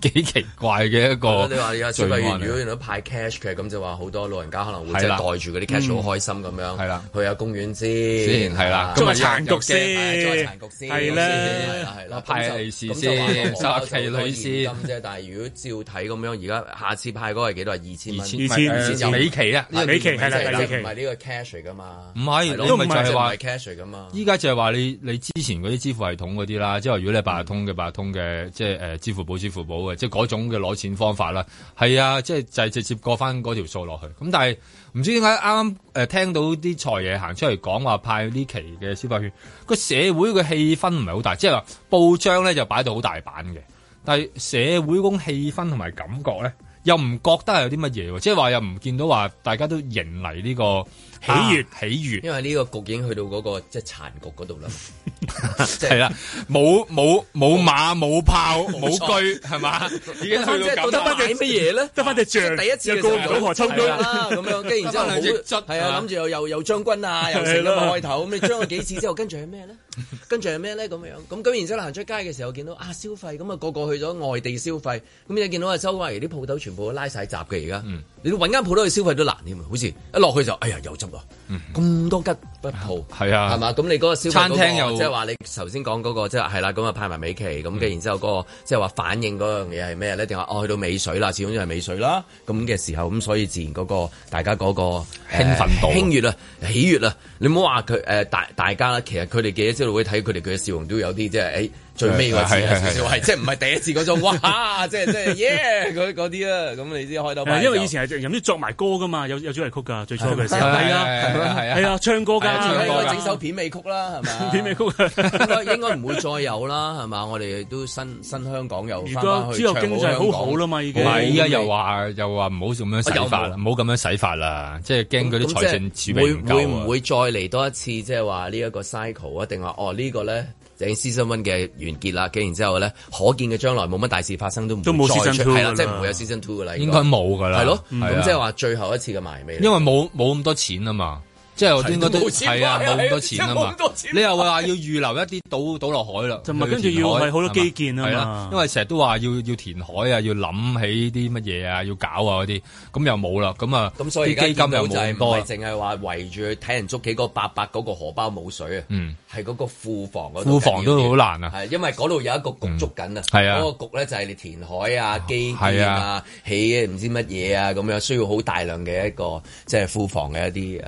幾奇怪嘅一個、嗯，你話而家，如果派 cash 嘅，咁就話好多老人家可能會即係袋住嗰啲 cash 好開心咁樣，係、嗯、啦，去下公園先，係啦，再殘、啊、局先，係、啊、啦，係啦，派利、啊、是，是，是先，啊嗯、派利是。咁、嗯、係、嗯嗯，但係如果照睇咁樣，而家下次派嗰個係幾多？係二千蚊。二千蚊就美期啊，美期係啦，美期唔係呢個 cash 噶嘛，唔係，因為就係話 cash 噶嘛。依家就係話你你之前嗰啲支付系統嗰啲啦，即係如果你係八達通嘅八達通嘅，即係支付寶支付寶。即係嗰種嘅攞錢方法啦，係啊，即係就係直接過翻嗰條數落去。咁但係唔知點解啱啱聽到啲財爺行出嚟講話派呢期嘅消費券，個社會嘅氣氛唔係好大，即係話報章咧就擺到好大版嘅，但係社會嗰種氣氛同埋感覺咧又唔覺得係有啲乜嘢喎，即係話又唔見到話大家都迎嚟呢個。喜悅，喜悅、啊，因為呢個局已經去到嗰個即係殘局嗰度啦，係 *laughs* 啦、就是，冇冇冇馬冇 *laughs* 炮冇車，係嘛，而家即係得翻隻咩嘢咧？得翻隻第一次就過河抽咁樣，跟住然之後係啊，諗住又又又將軍啊， *laughs* 又成咁開頭，咁你將咗幾次之後，跟住係咩咧？ *laughs* 跟住係咩咧？咁樣，咁咁然之後行出街嘅時候，見到啊消費，咁啊個個去咗外地消費，咁你見到啊周圍，啲鋪頭全部拉晒閘嘅，而家、嗯，你揾間鋪頭去消費都難添啊，好似一落去就哎呀又咁、嗯、多吉不報，係啊，係嘛？咁你嗰個餐廳又即係話你頭先講嗰個，即係係啦。咁、就、啊、是那個就是、派埋美琪。咁嘅、那個，然之後嗰個即係話反應嗰樣嘢係咩咧？定話哦去到美水啦，始終都係美水啦。咁嘅時候，咁所以自然嗰、那個大家嗰、那個興奮度、興悅啊、喜悅啊，你唔好話佢誒，大大家其實佢哋記者招待會睇佢哋嘅笑容都有啲即係誒。就是欸最尾嗰次即係唔係第一次嗰種哇！即係即係耶嗰嗰啲啦，咁 *laughs* 你知開到。因為以前係有啲作埋歌噶嘛，有有主題曲噶，最初嗰陣時候。係啊係啊係啊！唱歌噶。應該整首片尾曲啦，係咪？片尾曲應該、嗯、應該唔會再有啦，係嘛？我哋都新新香港又翻翻去而家之後經濟好好啦嘛，已經。唔係依家又話又話唔好咁樣洗法啦唔好咁樣洗法啦。即係驚嗰啲財政儲備唔夠。會唔會再嚟多一次即係話呢一個 cycle 啊？定話哦呢個咧？《season one》嘅完結啦，然之後咧，可見嘅將來冇乜大事發生都唔會再出，係啦，即係唔會有《season two》嘅喇，應該冇㗎喇。係囉，咁即係話最後一次嘅埋尾。因為冇冇咁多錢啊嘛。即係應該都係啊，冇咁、啊、多錢，多錢啊嘛。你又話要預留一啲倒倒落海啦，同埋跟住要好多基建啊嘛。因為成日都話要要填海啊，要諗起啲乜嘢啊，要搞啊嗰啲，咁又冇啦，咁啊所以基金又冇咁多。唔係淨係話圍住去睇人捉幾個八百嗰個荷包冇水啊，嗯，係嗰個庫房嗰庫房都好難啊。係因為嗰度有一個局捉緊、嗯、啊，嗰、嗰個局咧就係你填海啊、基建啊、起啊，唔知乜嘢啊咁樣，需要好大量嘅一個即係、即係、庫房嘅一啲誒。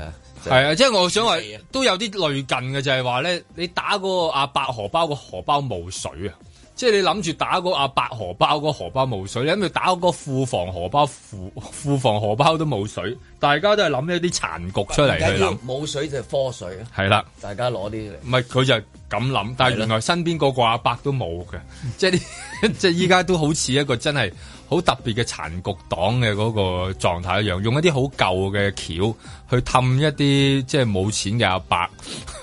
係啊，即係我想話都有啲類近嘅，就係話咧，你打個阿伯荷包個荷包冇水啊，即係你諗住打個阿伯荷包個荷包冇水，你諗住打個庫房荷包庫庫房荷包都冇水，大家都係諗一啲殘局出嚟，冇水就係科水啊，係啦，大家攞啲嚟，唔係佢就咁諗，但係原來身邊嗰個阿伯都冇嘅，即係啲。即係依家都好似一個真係好特別嘅殘局黨嘅嗰個狀態一樣，用一啲好舊嘅橋去氹一啲即係冇錢嘅阿伯，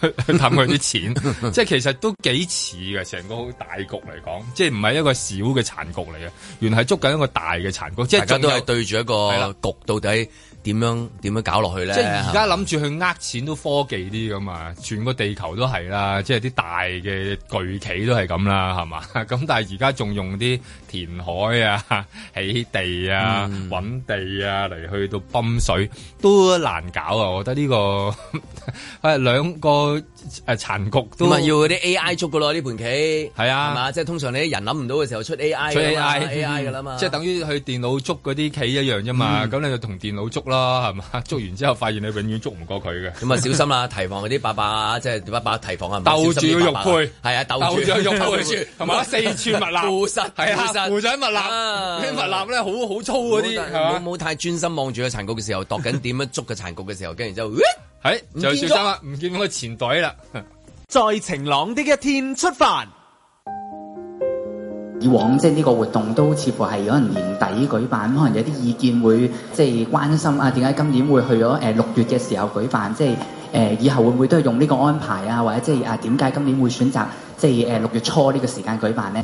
氹佢啲錢，即 *laughs* 係其實都幾似嘅。成個好大局嚟講，即係唔係一個小嘅殘局嚟嘅，原係捉緊一個大嘅殘局，即係大家都係對住一個局到底。點樣點樣搞落去咧？即係而家諗住去呃錢都科技啲咁啊，全個地球都係啦，即係啲大嘅巨企都係咁啦，係嘛？咁但係而家仲用啲填海啊、起地啊、搵地啊嚟去到泵水、嗯、都難搞啊！我覺得呢、這個係兩 *laughs* 個誒殘局都係要嗰啲 A I 捉噶咯，呢盤棋係啊，係嘛？即係通常你啲人諗唔到嘅時候出 A I，出 A I A I 噶啦嘛，嗯、即係等於去電腦捉嗰啲棋一樣啫嘛，咁、嗯、你就同電腦捉。係嘛？捉完之後發現你永遠捉唔過佢嘅，咁啊小心啦、啊！提防嗰啲爸爸，即係爸爸提防啊！兜 *laughs* 住玉佩，係啊，兜住玉佩住，同埋四串蜜蠟，係啊，護掌蜜蠟啊！啲蜜蠟咧，好好粗嗰啲，冇冇太專心望住個殘局嘅時候，度緊點樣捉個殘局嘅時候，跟住就喎，係就、 *laughs* 啊、小心啦、啊，唔見我前袋啦！ *laughs* 再晴朗啲嘅天出發。以往即係呢個活動都似乎係可能年底舉辦，可能有啲意見會即係關心啊，點解今年會去咗誒、呃、六月嘅時候舉辦？即係誒、呃、以後會唔會都係用呢個安排啊？或者即係啊點解今年會選擇即係誒、呃、六月初呢個時間舉辦咧？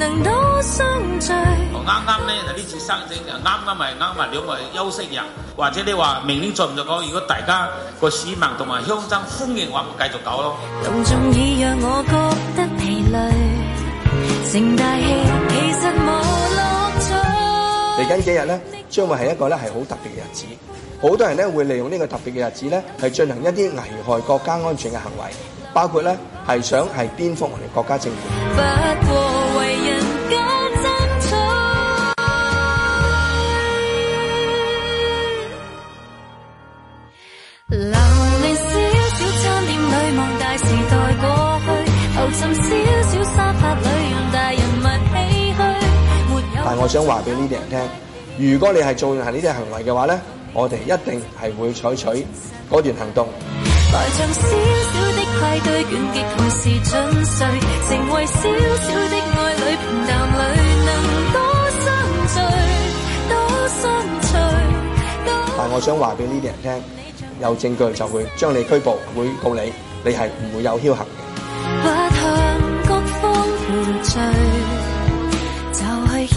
我啱啱咧，嗱呢次生正就啱啱咪啱埋，兩位休息日，或者你話明年做唔做講？如果大家個市民同埋鄉親歡迎嘅話，咪繼續搞咯。隆重已讓我覺得疲累，盛大戲其實冇樂趣。嚟緊幾日咧，將會係一個咧係好特別嘅日子，好多人咧會利用呢個特別嘅日子咧，係進行一啲危害國家安全嘅行為，包括咧係想係顛覆我哋國家政權。我想話俾呢啲人聽，如果你係做行呢啲行為嘅話咧，我哋一定係會採取嗰段行動。但我想話俾呢啲人聽，有證據就會將你拘捕，會告你，你係唔會有僥倖嘅。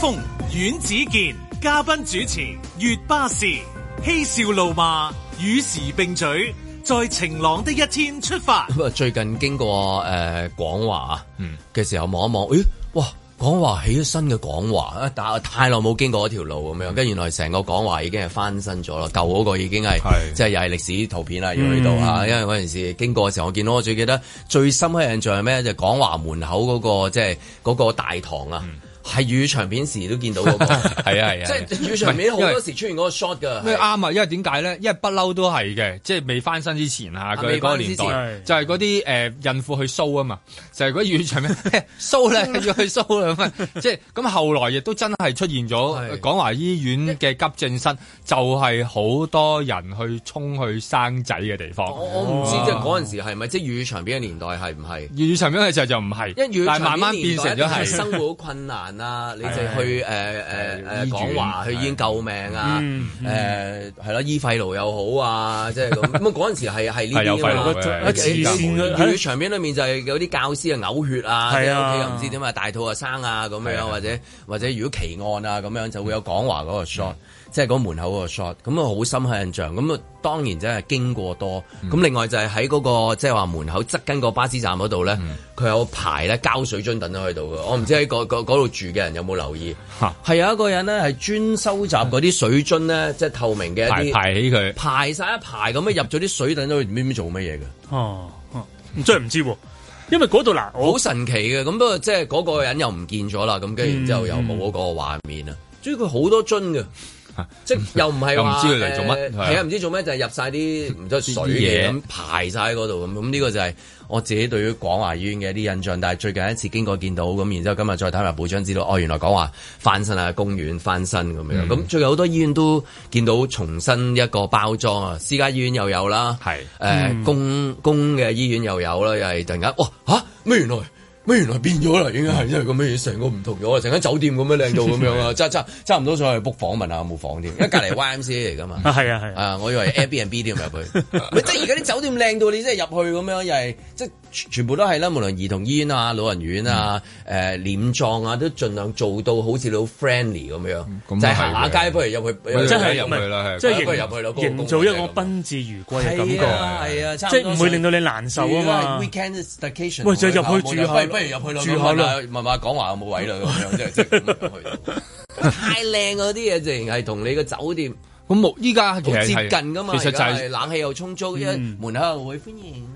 風阮子健嘉賓主持，月巴士嬉笑怒罵與時並舉，在晴朗的一天出發。最近經過誒廣華嘅時候望一望，誒，哇！廣華起咗新嘅廣華啊，但太耐冇經過一條路咁樣，跟原來成個廣華已經係翻新咗啦，舊嗰個已經係即係又係歷史圖片啦，要喺度啊，因為嗰陣時經過嘅時候，我見到我最記得最深刻印象係咩咧？就係廣華門口嗰個即係嗰個大堂啊。嗯係粵語長片時都見到嘅、那個，係啊係啊，即 *laughs* 係、啊就是、粵語長片好多時出現嗰個 shot 㗎。咩啱啊？因為點解咧？因為不嬲都係嘅，即係未翻身之前啊。佢嗰、那個年代，是啊、就係嗰啲誒孕婦去 show 啊嘛，就係、是、嗰粵語長片 show 啦，啊、 *laughs* so, 要去 show 啦咁啊， *laughs* 即係咁後來亦都真係出現咗，廣華醫院嘅急症室就係、是、好多人去衝去生仔嘅地方。哦、我唔知道即係嗰陣時係咪即係粵語長片嘅年代係唔係粵語長片嘅時候就唔係，但係慢慢變成咗係生活困難。啦、啊，你就去、呃啊啊、廣華，佢已經救命啊！係、嗯、咯、嗯啊，醫肺癆又好啊，即係咁。咁嗰陣時係呢啲，慈、 *laughs* 嗯呃呃呃、場面裏面就有啲教師啊嘔血啊，又唔知點啊，大肚啊生啊咁樣，或者或者如果奇案啊咁樣就會有廣華嗰個 s h o t。即係嗰門口個 shot，咁啊好深刻印象。咁啊當然真係經過多。咁、嗯、另外就係喺嗰個即係話門口側跟個巴士站嗰度咧，佢、嗯、有排咧膠水樽等咗喺度嘅。我唔知喺嗰度住嘅人有冇留意。係有一個人咧係專收集嗰啲水樽咧，即、就、係、是、透明嘅排排起佢，排晒，一排咁樣入咗啲水等咗去做，唔、啊啊、知做乜嘢嘅。哦，真係唔知，因為嗰度嗱好神奇嘅。咁不過即係嗰個人又唔見咗啦，咁跟住然之後又冇嗰個畫面啊、嗯。所以佢好多樽嘅。即又唔係，又唔知佢嚟做乜，係啊，唔知做咩、呃啊啊、就入晒啲唔得水嘢咁排晒喺嗰度咁。咁 *laughs* 呢個就係我自己對於廣華醫院嘅一啲印象。但係最近一次經過見到咁，然之後今日再睇埋報章，知道哦，原來講話翻新啊，公院翻新咁樣。咁、嗯、最近好多醫院都見到重新一個包裝啊，私家醫院又有啦，係誒、呃嗯、公公嘅醫院又有啦，又係突然間哇吓咩原來。咩原來變咗啦，應該係因為個咩嘢，成個唔同咗，成間酒店咁樣靚到咁樣啊，差唔多上去 book 房問下冇房添，因為隔離 Y M C A 嚟噶嘛， *laughs* 啊係啊係啊，我以為 Airbnb 咁入去， *laughs* 即係而家啲酒店靚到你真係入去咁樣又係即。全部都係啦，無論兒童醫院啊、老人院啊、誒殮葬啊，都盡量做到好似好 friendly 咁、嗯、樣，就行下街，不如去、嗯嗯、入去，真、嗯、係入去啦，係、就是，真係入去咯，營造一個賓至如歸嘅感覺，係啊，即係唔會令到你難受啊嘛。We can staycation 入去住下，不如入去住下啦。唔唔講話冇位啦咁樣，即係即係入去。太靚嗰啲嘢，自然係同你個酒店，咁冇依家其實係接近噶嘛，其實係冷氣又充足，因為門口又會歡迎。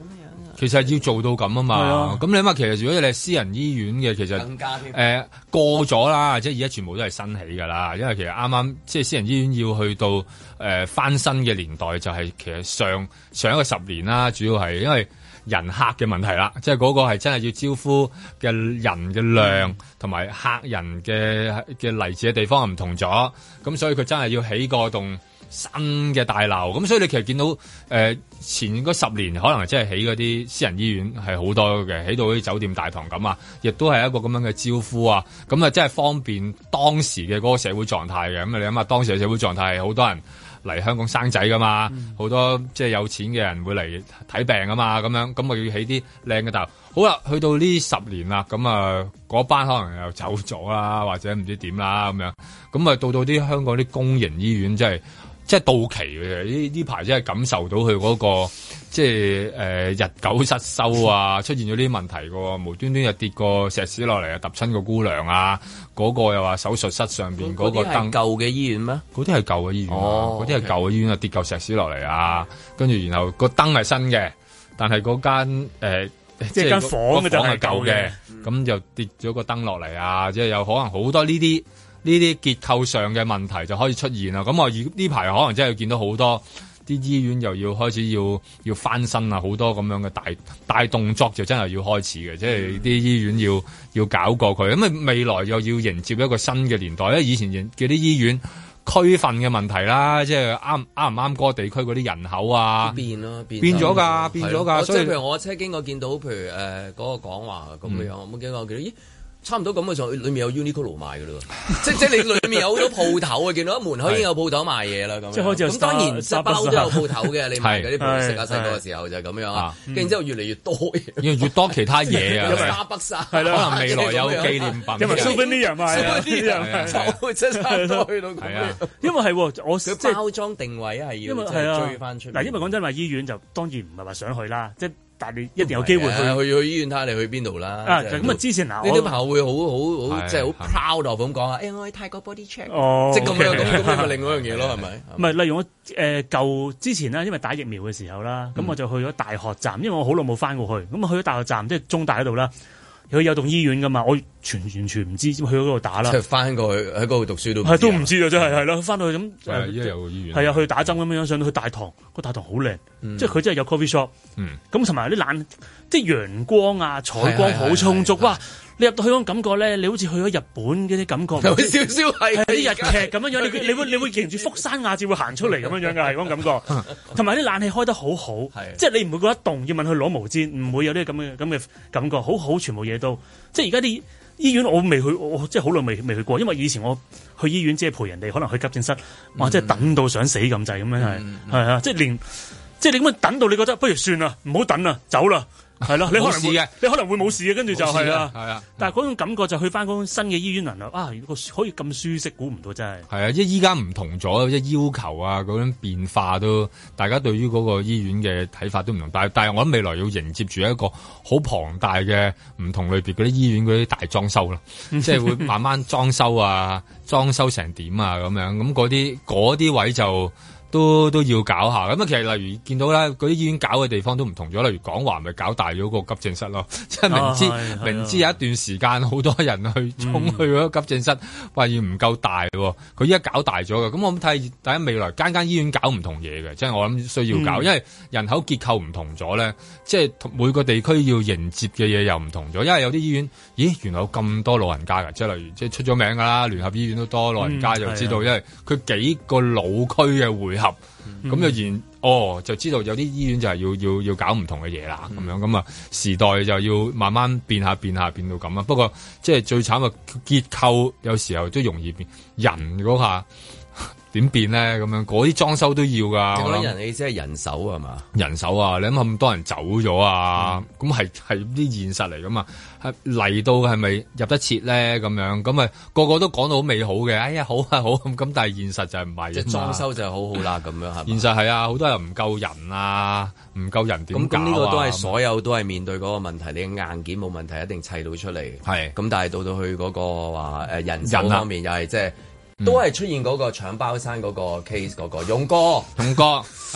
其實要做到咁啊嘛，咁、嗯、你諗下，其實如果你係私人醫院嘅，其實誒、呃、過咗啦，即係而家全部都係新起噶啦，因為其實啱啱即係私人醫院要去到誒、呃、翻新嘅年代，就是，就係其實上上一個十年啦，主要係因為人客嘅問題啦，即係嗰個係真係要招呼嘅人嘅量，同、嗯、埋客人嘅嘅嚟自嘅地方唔同咗，咁所以佢真係要起個棟。新嘅大樓，咁所以你其實見到誒、呃、前嗰十年可能真係起嗰啲私人醫院係好多嘅，起到啲酒店大堂咁啊，亦都係一個咁樣嘅招呼啊，咁啊真係方便當時嘅嗰個社會狀態嘅，咁啊你諗下當時嘅社會狀態係好多人嚟香港生仔㗎嘛，好、嗯、多即係有錢嘅人會嚟睇病啊嘛，咁樣咁啊要起啲靚嘅大樓。好啦，去到呢十年啦，咁啊嗰班可能又走咗啦，或者唔知點啦咁樣，咁啊到到啲香港啲公營醫院真係。即係到期嘅，呢呢排真係感受到佢嗰、嗰個即係誒、呃、日久失修啊，出現咗啲問題喎。無端端又跌個石屎落嚟啊，揼親個姑娘啊，嗰、嗰個又話手術室上邊嗰個燈舊嘅醫院咩？嗰啲係舊嘅醫院，嗰啲係舊嘅醫院啊，哦、舊嘅醫院啊、哦 okay、舊嘅醫院跌嚿石屎落嚟啊，跟住然後個燈係新嘅，但係嗰間誒即係間房嘅就係舊嘅，咁就跌咗個燈落嚟啊，嗯、即係有可能好多呢啲。呢啲結構上嘅問題就開始出現啦。咁我呢排可能真係見到好多啲醫院又要開始要要翻新啊，好多咁樣嘅大大動作就真係要開始嘅，即係啲醫院要要搞過佢。因為未來又要迎接一個新嘅年代，因為以前嘅啲醫院區分嘅問題啦，即係啱啱唔啱嗰地區嗰啲人口變啊，變變咗㗎，變咗㗎。即係譬如我車經過見到，譬如誒嗰、呃嗰個廣華咁嘅樣，冇見過見到差唔多咁嘅時候，裏面有 Uniqlo 賣㗎咯，即即你裏面有好多鋪頭啊，見到一門口已經有鋪頭賣嘢啦咁。即當然沙包都有鋪頭嘅，你賣嗰啲零食下，細個嘅時候就係咁樣啊。跟、嗯、住然之後越嚟越多，越嚟越多其他嘢啊。沙北沙，可能未來有紀念品。因為 Superdry 賣啊 Superdry 去到。因為係我包裝定位係要，因為係追翻出嚟。因為講真話，醫院就當然唔係話想去啦，即。但你一定有機會去去去醫院睇下你去邊度啦？咁啊！之前嗱，呢啲朋友會好好好即係好 proud 咁講啊，誒，我去泰國 body check，即咁樣咁，呢另外一樣嘢咯，係咪？唔係，例如我誒舊之前呢，因為打疫苗嘅時候啦，咁我就去咗大學站，因為我好耐冇翻過去，咁啊去咗大學站，即係中大嗰度啦。佢有棟醫院噶嘛？我全完全唔知，去嗰度打啦。即係翻過去喺嗰度讀書都係都唔知啊！真係係咯，翻到去咁係，因為有個醫院係啊，去打針咁樣上到去大堂，個大堂好靚，嗯，即係佢真係有 coffee shop，嗯。咁同埋啲冷，即係陽光啊，採光好充足哇，啊！你入到去嗰種感覺咧，你好似去咗日本嗰啲感覺，有少少係啲日劇咁樣樣。你你會你會認住福山雅治會行出嚟咁樣 *laughs* 樣嘅係嗰種感覺，同埋啲冷氣開得好好，即係你唔會覺得凍。要問佢攞毛毯，唔會有啲咁嘅咁嘅感覺，好好全部嘢都。即係而家啲醫院我未去，我即係好耐未未去過，因為以前我去醫院即係陪人哋，可能去急症室或者係等到想死咁滯咁樣係係啊，即係連即係你點解等到你覺得不如算啦，唔好等啦，走啦。係咯，你可能會嘅，你可能會冇事嘅，跟住就係、是、啦。係啊，但係嗰種感覺就是、去翻嗰種新嘅醫院能量。啊，如果可以咁舒適，估唔到真係。係啊，即係依家唔同咗，即係要求啊嗰種變化都，大家對於嗰個醫院嘅睇法都唔同。但係，但係我諗未來要迎接住一個好龐大嘅唔同類別嗰啲醫院嗰啲大裝修啦， *laughs* 即係會慢慢裝修啊，裝修成點啊咁樣。咁嗰啲嗰啲位就。都都要搞下，咁啊，其實例如見到啦，嗰啲醫院搞嘅地方都唔同咗。例如港華咪搞大咗個急症室咯，即、啊、係明知、啊、明知有一段時間好、嗯、多人去衝去嗰個急症室，發、嗯、現唔夠大，佢依家搞大咗嘅。咁我諗睇下睇下未來間間醫院搞唔同嘢嘅，即係我諗需要搞、嗯，因為人口結構唔同咗咧，即係每個地區要迎接嘅嘢又唔同咗。因為有啲醫院，咦，原來有咁多老人家嘅，即係例如即係出咗名啦，聯合醫院都多老人家就知道，嗯、因為佢幾個老區嘅回。咁、嗯、就然，哦，就知道有啲醫院就係要要要搞唔同嘅嘢啦，咁、嗯、樣咁啊，時代就要慢慢變下變下變到咁啦。不過即係、就是、最慘嘅結構，有時候都容易變人嗰下。點變咧？咁樣嗰啲裝修都要噶。講人嘅意思係人手係嘛？人手啊，你諗下咁多人走咗啊？咁係係啲現實嚟噶嘛？嚟到係咪入得切咧？咁樣咁啊，個個都講到好美好嘅。哎呀，好啊，好咁。但係現實就係唔係。即係裝修就好好啦，咁樣係。現實係啊，好多人唔夠人啊，唔夠人點搞啊？咁呢個都係所有都係面對嗰個問題。你硬件冇問題，一定砌到出嚟，那個。係、呃。咁但係到到去嗰個話誒人手方面又係、啊、即係。都係出現嗰個搶包山嗰個 case，嗰、嗰個勇哥，勇哥，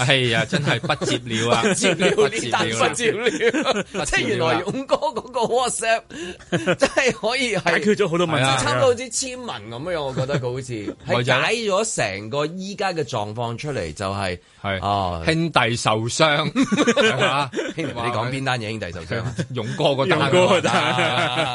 係 *laughs* 啊、哎，真係不接料啊，不接料了，不接料，不接料，不接料，即係原來勇哥嗰個 WhatsApp 真係可以解決咗好多問題啊，差唔多好似簽文咁樣、啊，我覺得佢好似、啊、解咗成個依家嘅狀況出嚟，就係係兄弟受傷，兄弟你講邊單嘢？兄弟受傷、啊 *laughs* *laughs* 啊，勇哥個，勇哥、 *laughs* 啊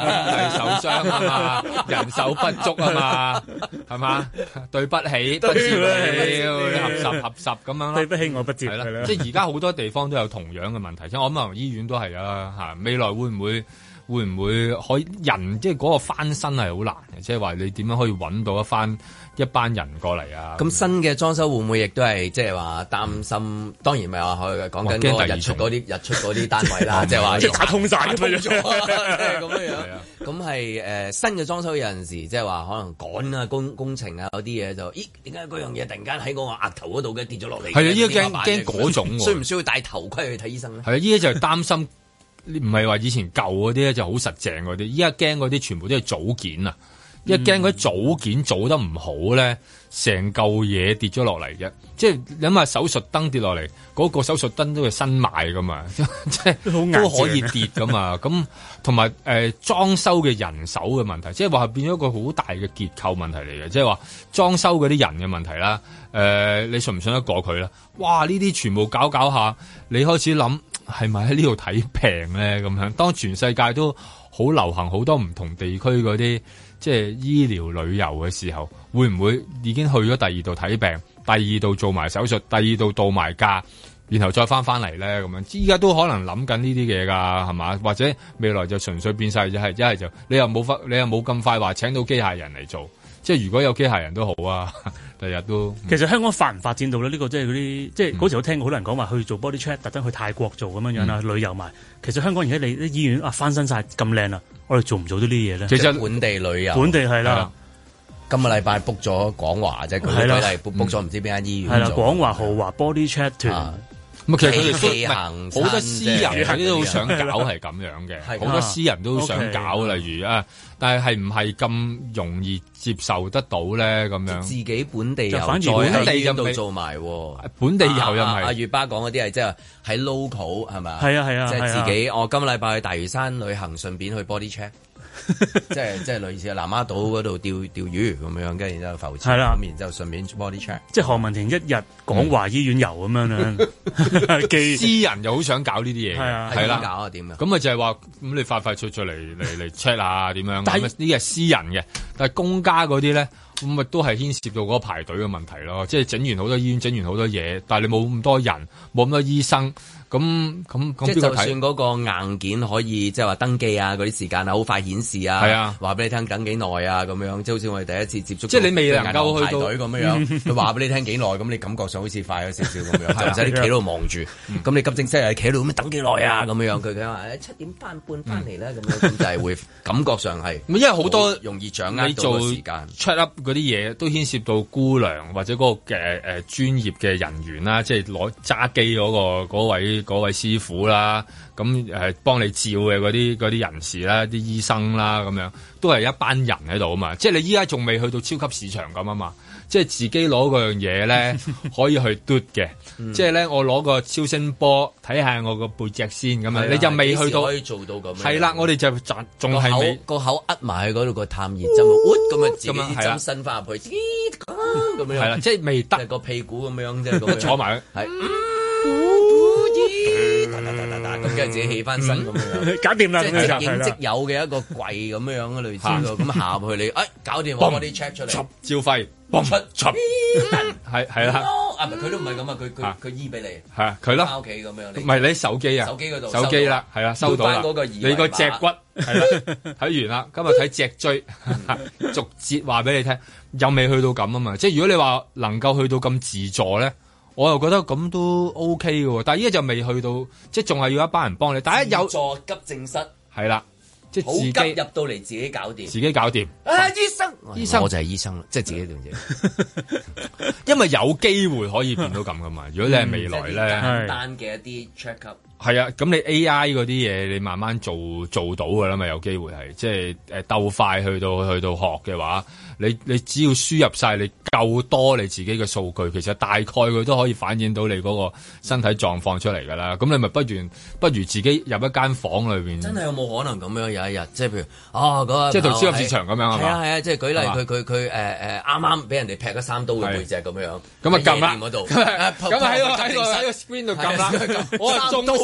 *laughs* 啊、兄弟受傷 *laughs* 啊！人手不足啊嘛，係 *laughs* 嘛？對不起，對不起，合十合十咁樣咯。對不起，我不接。係啦，即係而家好多地方都有同樣嘅問題，即 *laughs* 係我諗醫院都係啦嚇。未來會唔會？會唔會可人即係嗰個翻身係好難嘅，即係話你點樣可以揾到一班一班人過嚟啊？咁新嘅裝修會唔會亦都係即係話擔心、嗯？當然唔係話去講緊日出嗰啲日出嗰啲單位啦，即係話即係砸空晒咁樣樣。咁係誒新嘅裝修有陣時即係話可能趕啊工工程啊嗰啲嘢就咦？點解嗰樣嘢突然間喺我個額頭嗰度嘅跌咗落嚟？係啊，依家驚驚嗰種、啊，需唔需要戴頭盔去睇醫生咧？係啊，依、這、家、個、就係擔心。 *laughs* 唔係話以前舊嗰啲咧就好，是，實淨嗰啲，依家驚嗰啲全部都係組件啊！一驚嗰啲組件組得唔好咧，成嚿嘢跌咗落嚟嘅，即係諗下手術燈跌落嚟，嗰，那個手術燈都係新賣噶嘛，即係，啊、都可以跌噶嘛。咁同埋誒裝修嘅人手嘅問題，即係話變咗一個好大嘅結構問題嚟嘅，即係話裝修嗰啲人嘅問題啦。誒、呃，你信唔信得過佢啦哇！呢啲全部搞搞下，你開始諗。係咪喺呢度睇病咧？咁樣當全世界都好流行，好多唔同地區嗰啲即係醫療旅遊嘅時候，會唔會已經去咗第二度睇病，第二度做埋手術，第二度到埋家，然後再翻翻嚟咧？咁樣依家都可能諗緊呢啲嘢噶，係嘛？或者未來就純粹變晒，就係一係就你又冇法，你又冇咁快話請到機械人嚟做，即係如果有機械人都好啊。第日都、嗯、其實香港發唔發展到啦，呢、呢個即係嗰啲即係嗰時我聽好多人講話去做 body check，特登去泰國做咁樣樣啦、嗯，旅遊埋。其實香港而家你啲醫院啊翻身晒咁靚啦，我哋做唔做到呢啲嘢咧？即係本地旅遊。本地係啦。今個禮拜 book 咗廣華啫，舉例 book book 咗唔知邊間醫院？係啦，廣華豪華 body check 團。啊咁其實佢哋都唔係好多私人都好想搞係咁樣嘅，好多私人都想搞，例如啊，但係係唔係咁容易接受得到咧？咁樣自己本地又再喺呢度做埋本地，本地，本地、啊、本地又阿阿、啊啊、月巴講嗰啲係即係喺 local 係咪？係啊係啊，即係、就是、自己我、哦、今個禮拜去大嶼山旅行，順便去 body check。 *laughs* 即係即係類似南丫島嗰度釣釣魚咁樣，跟住然之後就浮潛係啦，咁然之後順便 body check。即係何文婷一日廣華、嗯、醫院遊咁樣咧， *laughs* *laughs* 私人又好想搞呢啲嘢，係啦，點啊？咁啊就係話咁你快快脆脆嚟嚟嚟 check 啊？點樣？但係呢個係私人嘅，但係公家嗰啲咧，咁咪都係牽涉到嗰個排隊嘅問題咯。即係整完好多醫院，整完好多嘢，但係你冇咁多人，冇咁多醫生。咁咁即就算嗰個硬件可以即係話登記啊嗰啲時間啊好快顯示啊，話俾、啊、你聽等幾耐啊咁樣，即係好似我哋第一次接觸，即係你未能夠，能夠去到排隊咁樣，佢話俾你聽幾耐，咁、嗯、你感覺上好似快咗少少咁樣， *laughs* 就喺度企喺度望住，咁、嗯、你急症室又企喺度咁等幾耐啊咁、嗯、樣，佢佢話七點半半返嚟啦咁，嗯樣嗯、就係會感覺上係，因為好多容易掌握做時間 check up 嗰啲嘢都牽涉到姑娘或者嗰、嗰個誒誒、呃、專業嘅人員啦，即係攞揸機嗰、嗰個位。嗰位師傅啦，咁幫你照嘅嗰啲嗰啲人士啦，啲醫生啦，咁樣都係一班人喺度啊嘛。即係你依家仲未去到超級市場咁啊嘛。即係自己攞嗰樣嘢咧， *laughs* 可以去嘟嘅、嗯。即係咧，我攞個超聲波睇下我個背脊先咁樣，你就未去到可以做到咁。係啦，我哋就仲係未個口呃埋喺嗰度個探熱針，咁、哦、啊自己啲伸翻入去，咁啦，即係未得、即係、屁股咁樣啫，即係、樣 *laughs* 坐埋係。咁跟住自己起翻身咁樣，搞掂啦。即係即，即，即有嘅一個櫃咁樣嘅類似，咁下入去你，誒、哎，搞掂，嘣，啲 check 出嚟，照肺，嘣出，係係、嗯啊、啦。佢都唔係咁啊，佢佢佢醫俾你。係啊，佢咯。翻屋企咁樣，唔係你手機啊？手機嗰度，手機啦，係啊，收到啦。你個脊骨，啦睇完啦，今日睇脊椎，逐節話俾你聽，又未去到咁啊嘛。即係如果你話能夠去到咁自助咧。我又覺得咁都 OK 嘅喎，但係依家就未去到，即係仲係要一班人幫你。但係有助，助急症室係啦，即係、就係、自己入到嚟自己搞掂，自己搞掂。啊，醫生，醫生，醫生我就係醫生，即係自己同自己。 *laughs* 因為有機會可以變到咁㗎嘛， *laughs* 如果你係未來咧，嗯就係、簡單嘅一啲 check up。係啊，咁你 A I 嗰啲嘢，你慢慢做做到噶啦嘛，有機會係即係誒，鬥快去到去到學嘅話，你你只要輸入晒你夠多你自己嘅數據，其實大概佢都可以反映到你嗰個身體狀況出嚟噶啦。咁你咪不如不如自己入一間房裏面，真係有冇可能咁樣有一日、哦嗰個？即係譬如哦，嗰即係同超市市場咁樣係啊係啊，即係、啊啊啊、舉例佢佢佢誒誒啱啱俾人哋劈咗三刀、啊、會背脊咁樣，咁啊撳啦，咁啊喺喺個 screen 度撳啦， *laughs*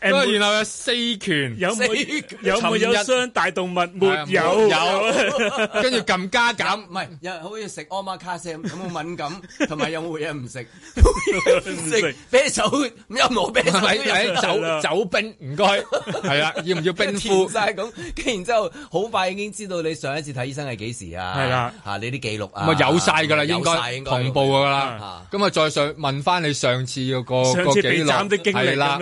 不過然後有四權，有冇有冇有傷大動物？沒有，有跟住撳加減，唔係又可以食阿瑪卡星，有冇敏感？同埋有冇嘢唔食？唔食啤酒，唔飲我啤酒，有啲酒酒冰，唔該，係啦，要唔要冰敷？晒咁，跟住然後好快已經知道你上一次睇醫生係幾時啊？係啦，吓你啲記錄啊，有晒噶啦，應該同步噶啦，咁啊再上問翻你上次嘅個個記錄係啦，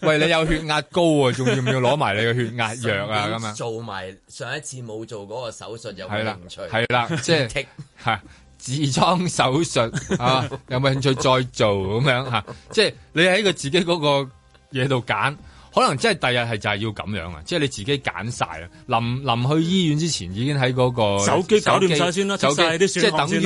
喂你。有血壓高啊，仲要唔要攞埋你嘅血壓藥啊？咁 *laughs* 啊，做埋上一次冇做嗰個手術有冇興趣？係啦， *laughs* 即係，係痔瘡手術 *laughs* 啊，有冇興趣再做咁樣嚇？即係你喺佢自己嗰個嘢度揀，可能即係第日係就係要咁樣啊！即係你自己揀晒啦，臨臨去醫院之前已經喺嗰個手機搞掂晒先啦，手機曬啲算學先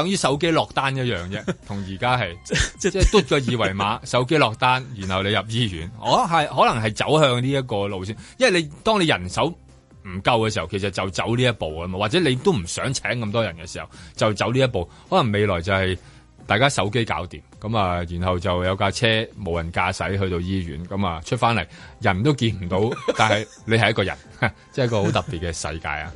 等於手機落單一樣啫，同而家係即係即係篤咗二維碼，手機落單，然後你入醫院，我 *laughs* 係、哦、可能係走向呢一個路線，因為你當你人手唔夠嘅時候，其實就走呢一步啊嘛，或者你都唔想請咁多人嘅時候，就走呢一步，可能未來就係大家手機搞掂咁啊，然後就有架車無人駕駛去到醫院，咁啊出翻嚟人都見唔到， *laughs* 但係你係一個人，即係、就是、一個好特別嘅世界啊！